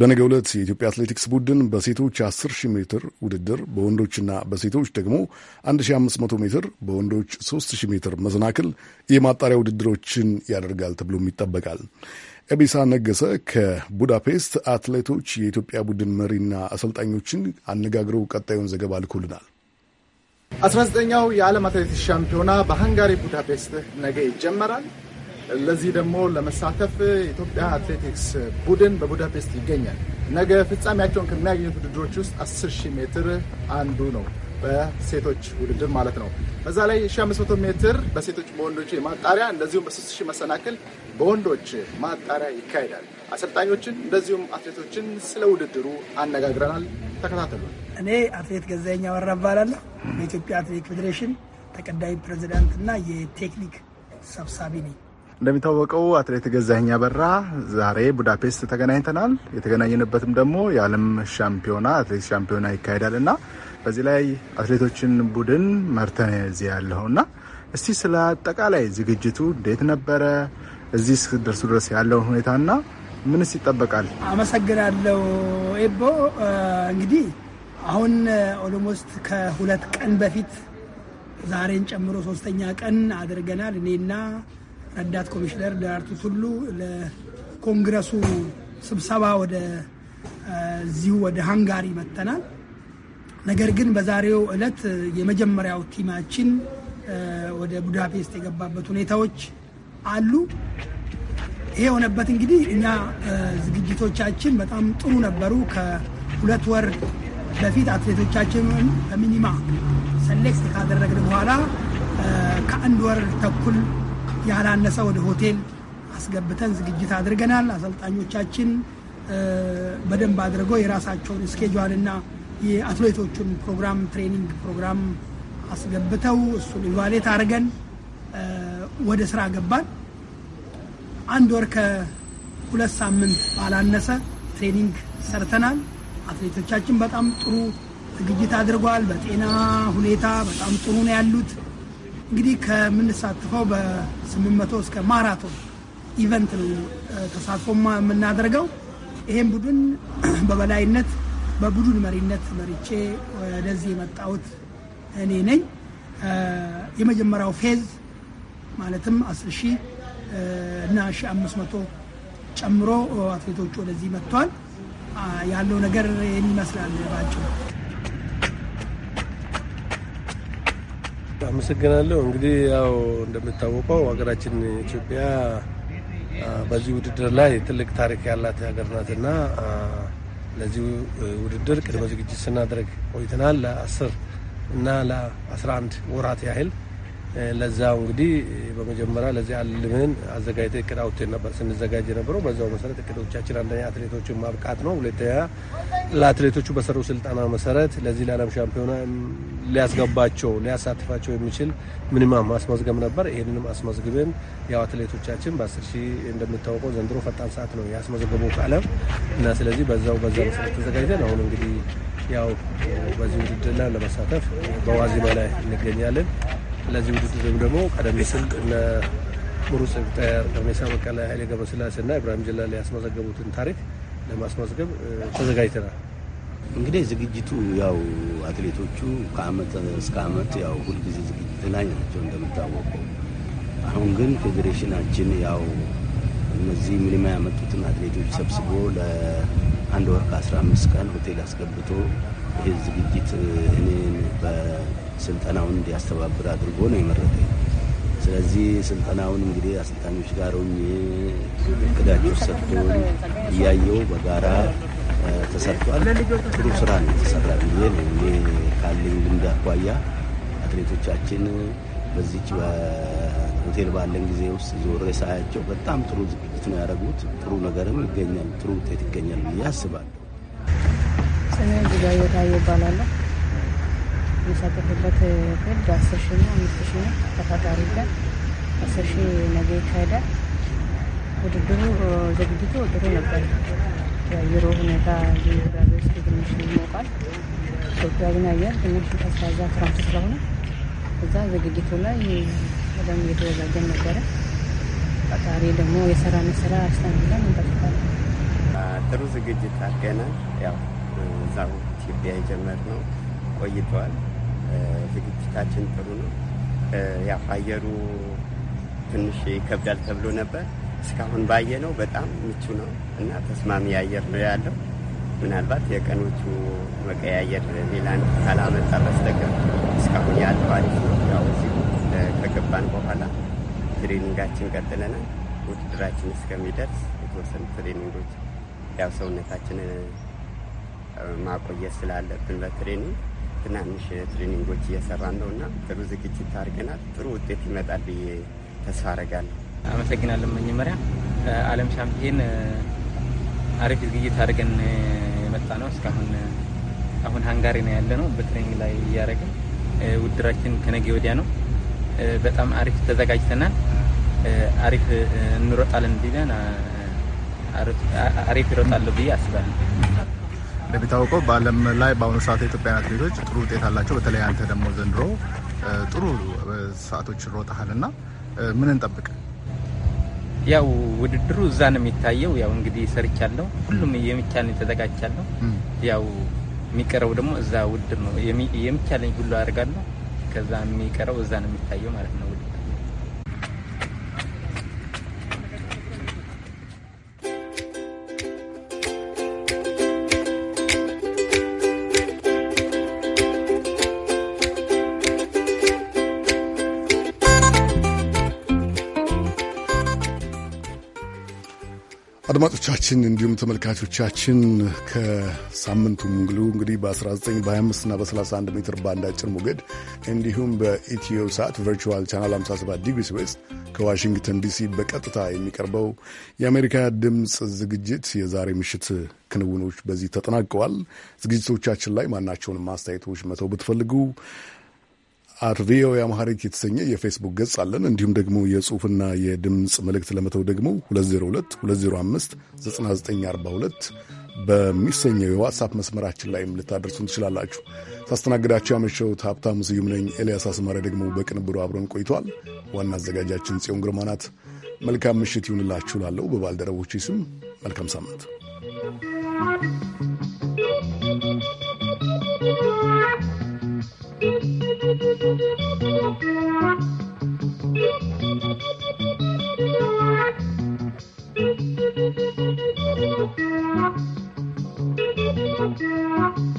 በነገ ዕለት የኢትዮጵያ አትሌቲክስ ቡድን በሴቶች 10,000 ሜትር ውድድር በወንዶችና በሴቶች ደግሞ 1500 ሜትር፣ በወንዶች 3000 ሜትር መሰናክል የማጣሪያ ውድድሮችን ያደርጋል ተብሎም ይጠበቃል። ኤቢሳ ነገሰ ከቡዳፔስት አትሌቶች የኢትዮጵያ ቡድን መሪና አሰልጣኞችን አነጋግረው ቀጣዩን ዘገባ ልኮልናል። 19ኛው የዓለም አትሌቲክስ ሻምፒዮና በሃንጋሪ ቡዳፔስት ነገ ይጀመራል። ለዚህ ደግሞ ለመሳተፍ የኢትዮጵያ አትሌቲክስ ቡድን በቡዳፔስት ይገኛል። ነገ ፍጻሜያቸውን ከሚያገኙት ውድድሮች ውስጥ 10 ሺህ ሜትር አንዱ ነው። በሴቶች ውድድር ማለት ነው። በዛ ላይ 1500 ሜትር በሴቶች በወንዶች ማጣሪያ እንደዚሁም በ3000 መሰናክል በወንዶች ማጣሪያ ይካሄዳል። አሰልጣኞችን እንደዚሁም አትሌቶችን ስለ ውድድሩ አነጋግረናል። ተከታተሉ። እኔ አትሌት ገዛኸኝ አበራ እባላለሁ። የኢትዮጵያ አትሌት ፌዴሬሽን ተቀዳሚ ፕሬዚዳንት የቴክኒክ ሰብሳቢ ነኝ። እንደሚታወቀው አትሌት ገዛኸኝ አበራ ዛሬ ቡዳፔስት ተገናኝተናል። የተገናኘንበትም ደግሞ የዓለም ሻምፒዮና አትሌት ሻምፒዮና ይካሄዳል እና በዚህ ላይ አትሌቶችን ቡድን መርተን እዚህ ያለኸው እና እስቲ ስለ አጠቃላይ ዝግጅቱ እንዴት ነበረ እዚህ ስደርሱ ድረስ ያለውን ሁኔታና ምንስ ይጠበቃል? አመሰግናለሁ ኤቦ እንግዲህ አሁን ኦሎሞስት ከሁለት ቀን በፊት ዛሬን ጨምሮ ሶስተኛ ቀን አድርገናል። እኔና ረዳት ኮሚሽነር ደራርቱ ቱሉ ለኮንግረሱ ስብሰባ ወደ እዚሁ ወደ ሃንጋሪ መጥተናል። ነገር ግን በዛሬው ዕለት የመጀመሪያው ቲማችን ወደ ቡዳፔስት የገባበት ሁኔታዎች አሉ። ይሄ የሆነበት እንግዲህ እኛ ዝግጅቶቻችን በጣም ጥሩ ነበሩ። ከሁለት ወር በፊት አትሌቶቻችን በሚኒማ ሰሌክት ካደረግን በኋላ ከአንድ ወር ተኩል ያላነሰ ወደ ሆቴል አስገብተን ዝግጅት አድርገናል። አሰልጣኞቻችን በደንብ አድርገው የራሳቸውን ስኬጇልና የአትሌቶቹን ፕሮግራም ትሬኒንግ ፕሮግራም አስገብተው እሱን ኢቫሌት አድርገን ወደ ስራ ገባን። አንድ ወር ከሁለት ሳምንት ባላነሰ ትሬኒንግ ሰርተናል። አትሌቶቻችን በጣም ጥሩ ዝግጅት አድርጓል። በጤና ሁኔታ በጣም ጥሩ ነው ያሉት። እንግዲህ ከምንሳትፈው በ800 እስከ ማራቶን ኢቨንት ነው ተሳትፎ የምናደርገው። ይህም ቡድን በበላይነት በቡድን መሪነት መርቼ ወደዚህ የመጣሁት እኔ ነኝ። የመጀመሪያው ፌዝ ማለትም 10 ሺህ እና 1500 ጨምሮ አትሌቶቹ ወደዚህ መጥተዋል። ያለው ነገር ይህን ይመስላል ባጭሩ። አመሰግናለሁ። እንግዲህ ያው እንደሚታወቀው ሀገራችን ኢትዮጵያ በዚህ ውድድር ላይ ትልቅ ታሪክ ያላት ሀገር ናትና ለዚህ ውድድር ቅድመ ዝግጅት ስናደርግ ቆይተናል። ለአስር እና ለአስራ አንድ ወራት ያህል ለዛው እንግዲህ በመጀመሪያ ለዚህ አልምን አዘጋጅተ እቅድ አውጥተን ነበር ስንዘጋጅ የነበረው። በዛው መሰረት እቅዶቻችን አንደኛ አትሌቶችን ማብቃት ነው። ሁለተኛ ለአትሌቶቹ በሰሩ ስልጠና መሰረት ለዚህ ለዓለም ሻምፒዮና ሊያስገባቸው ሊያሳትፋቸው የሚችል ምንማ ማስመዝገብ ነበር። ይህንንም አስመዝግበን ያው አትሌቶቻችን በ10 ሺህ ዘንድሮ ፈጣን ሰዓት ነው ያስመዘገቡ ከዓለም እና ስለዚህ በዛው በዛ መሰረት ተዘጋጅተን አሁን እንግዲህ ያው በዚህ ውድድር ላይ ለመሳተፍ በዋዜማ ላይ እንገኛለን። ለዚህ ውድድር ወይም ደግሞ ቀደም ሲል እነ ምሩጽ ይፍጠር፣ ቀነኒሳ በቀለ፣ ኃይሌ ገብረስላሴ እና ኢብራሂም ጀላል ያስመዘገቡትን ታሪክ ለማስመዝገብ ተዘጋጅተናል። እንግዲህ ዝግጅቱ ያው አትሌቶቹ ከአመት እስከ አመት ያው ሁልጊዜ ዝግጅት ላይ ናቸው እንደምታወቀው። አሁን ግን ፌዴሬሽናችን ያው እነዚህ ምልማ ያመጡትን አትሌቶች ሰብስቦ ለአንድ ወር ከአስራ አምስት ቀን ሆቴል አስገብቶ ይህ ዝግጅት እኔን ስልጠናውን እንዲያስተባብር አድርጎ ነው የመረጠኝ። ስለዚህ ስልጠናውን እንግዲህ አሰልጣኞች ጋር እቅዳቸው ሰጥቶን እያየው በጋራ ተሰርቷል። ጥሩ ስራ ነው የተሰራ ብዬ ነው ካለኝ ልምድ አኳያ አትሌቶቻችን በዚች በሆቴል ባለን ጊዜ ውስጥ ዞሬ ሳያቸው በጣም ጥሩ ዝግጅት ነው ያደረጉት። ጥሩ ነገርም ይገኛል፣ ጥሩ ውጤት ይገኛል ብዬ አስባለሁ። ስሜ እጅጋየሁ ታዬ ይባላለሁ። የሚሳተፍበት ግድ አስር ሺ ነው፣ አምስት ሺ ነው። ተፈጣሪ ጋር አስር ሺ ነገ ይካሄዳል ውድድሩ። ዝግጅቱ ጥሩ ነበር። የአየሩ ሁኔታ ዚራቤ ውስጥ ትንሽ ይሞቃል። ኢትዮጵያ ግን አየር ትንሽ ቀዝቃዛ ክረምት ስለሆነ እዛ ዝግጅቱ ላይ በደንብ እየተዘጋጀን ነበረ። ፈጣሪ ደግሞ የሰራን ስራ ያስተናግዳል እንጠብቃለን። ጥሩ ዝግጅት አድርገናል። ያው እዛው ኢትዮጵያ የጀመርነው ቆይተዋል። ዝግጅታችን ጥሩ ነው። ያው አየሩ ትንሽ ይከብዳል ተብሎ ነበር። እስካሁን ባየነው በጣም ምቹ ነው እና ተስማሚ አየር ነው ያለው። ምናልባት የቀኖቹ መቀያየር ሌላ ካላመጣ በስተቀር እስካሁን ያለው አሪፍ ነው። ያው እዚሁ ከገባን በኋላ ትሬኒንጋችን ቀጥለናል። ውድድራችን እስከሚደርስ የተወሰኑ ትሬኒንጎች ያው ሰውነታችን ማቆየት ስላለብን በትሬኒንግ ትናንሽ ትሬኒንጎች እየሰራን ነው እና ጥሩ ዝግጅት አድርገናል። ጥሩ ውጤት ይመጣል ብዬ ተስፋ አረጋለሁ። አመሰግናለሁ። መጀመሪያ ዓለም ሻምፒዮን አሪፍ ዝግጅት አድርገን የመጣ ነው። እስካሁን አሁን ሃንጋሪ ነው ያለ ነው በትሬኒንግ ላይ እያደረግን ውድራችን ከነገ ወዲያ ነው። በጣም አሪፍ ተዘጋጅተናል። አሪፍ እንሮጣለን ብለን አሪፍ ይሮጣለሁ ብዬ አስባለሁ። እንደሚታወቀው በዓለም ላይ በአሁኑ ሰዓት የኢትዮጵያን አትሌቶች ጥሩ ውጤት አላቸው። በተለይ አንተ ደግሞ ዘንድሮ ጥሩ ሰዓቶች ሮጠሃል እና ምን እንጠብቅ? ያው ውድድሩ እዛ ነው የሚታየው። ያው እንግዲህ ሰርቻለሁ፣ ሁሉም የሚቻለኝ ተዘጋጅቻለሁ። ያው የሚቀረው ደግሞ እዛ ውድድር ነው። የሚቻለኝ ሁሉ አድርጋለሁ። ከዛ የሚቀረው እዛ ነው የሚታየው ማለት ነው። አድማጮቻችን እንዲሁም ተመልካቾቻችን ከሳምንቱ ሙሉ እንግዲህ በ19 25 በ31 ሜትር ባንድ አጭር ሞገድ እንዲሁም በኢትዮ ሰዓት ቨርቹዋል ቻናል 57 ዲግሪ ስዌስት ከዋሽንግተን ዲሲ በቀጥታ የሚቀርበው የአሜሪካ ድምፅ ዝግጅት የዛሬ ምሽት ክንውኖች በዚህ ተጠናቀዋል። ዝግጅቶቻችን ላይ ማናቸውንም አስተያየቶች መተው ብትፈልጉ አት ቪኦኤ አምሃሪክ የተሰኘ የፌስቡክ ገጽ አለን። እንዲሁም ደግሞ የጽሁፍና የድምፅ መልእክት ለመተው ደግሞ 2022059942 በሚሰኘው የዋትሳፕ መስመራችን ላይም ልታደርሱን ትችላላችሁ። ሳስተናግዳቸው ያመሸሁት ሀብታሙ ስዩም ነኝ። ኤልያስ አስማሪ ደግሞ በቅንብሩ አብረን ቆይቷል። ዋና አዘጋጃችን ጽዮን ግርማ ናት። መልካም ምሽት ይሁንላችሁ ላለው በባልደረቦች ስም መልካም ሳምንት Thank you.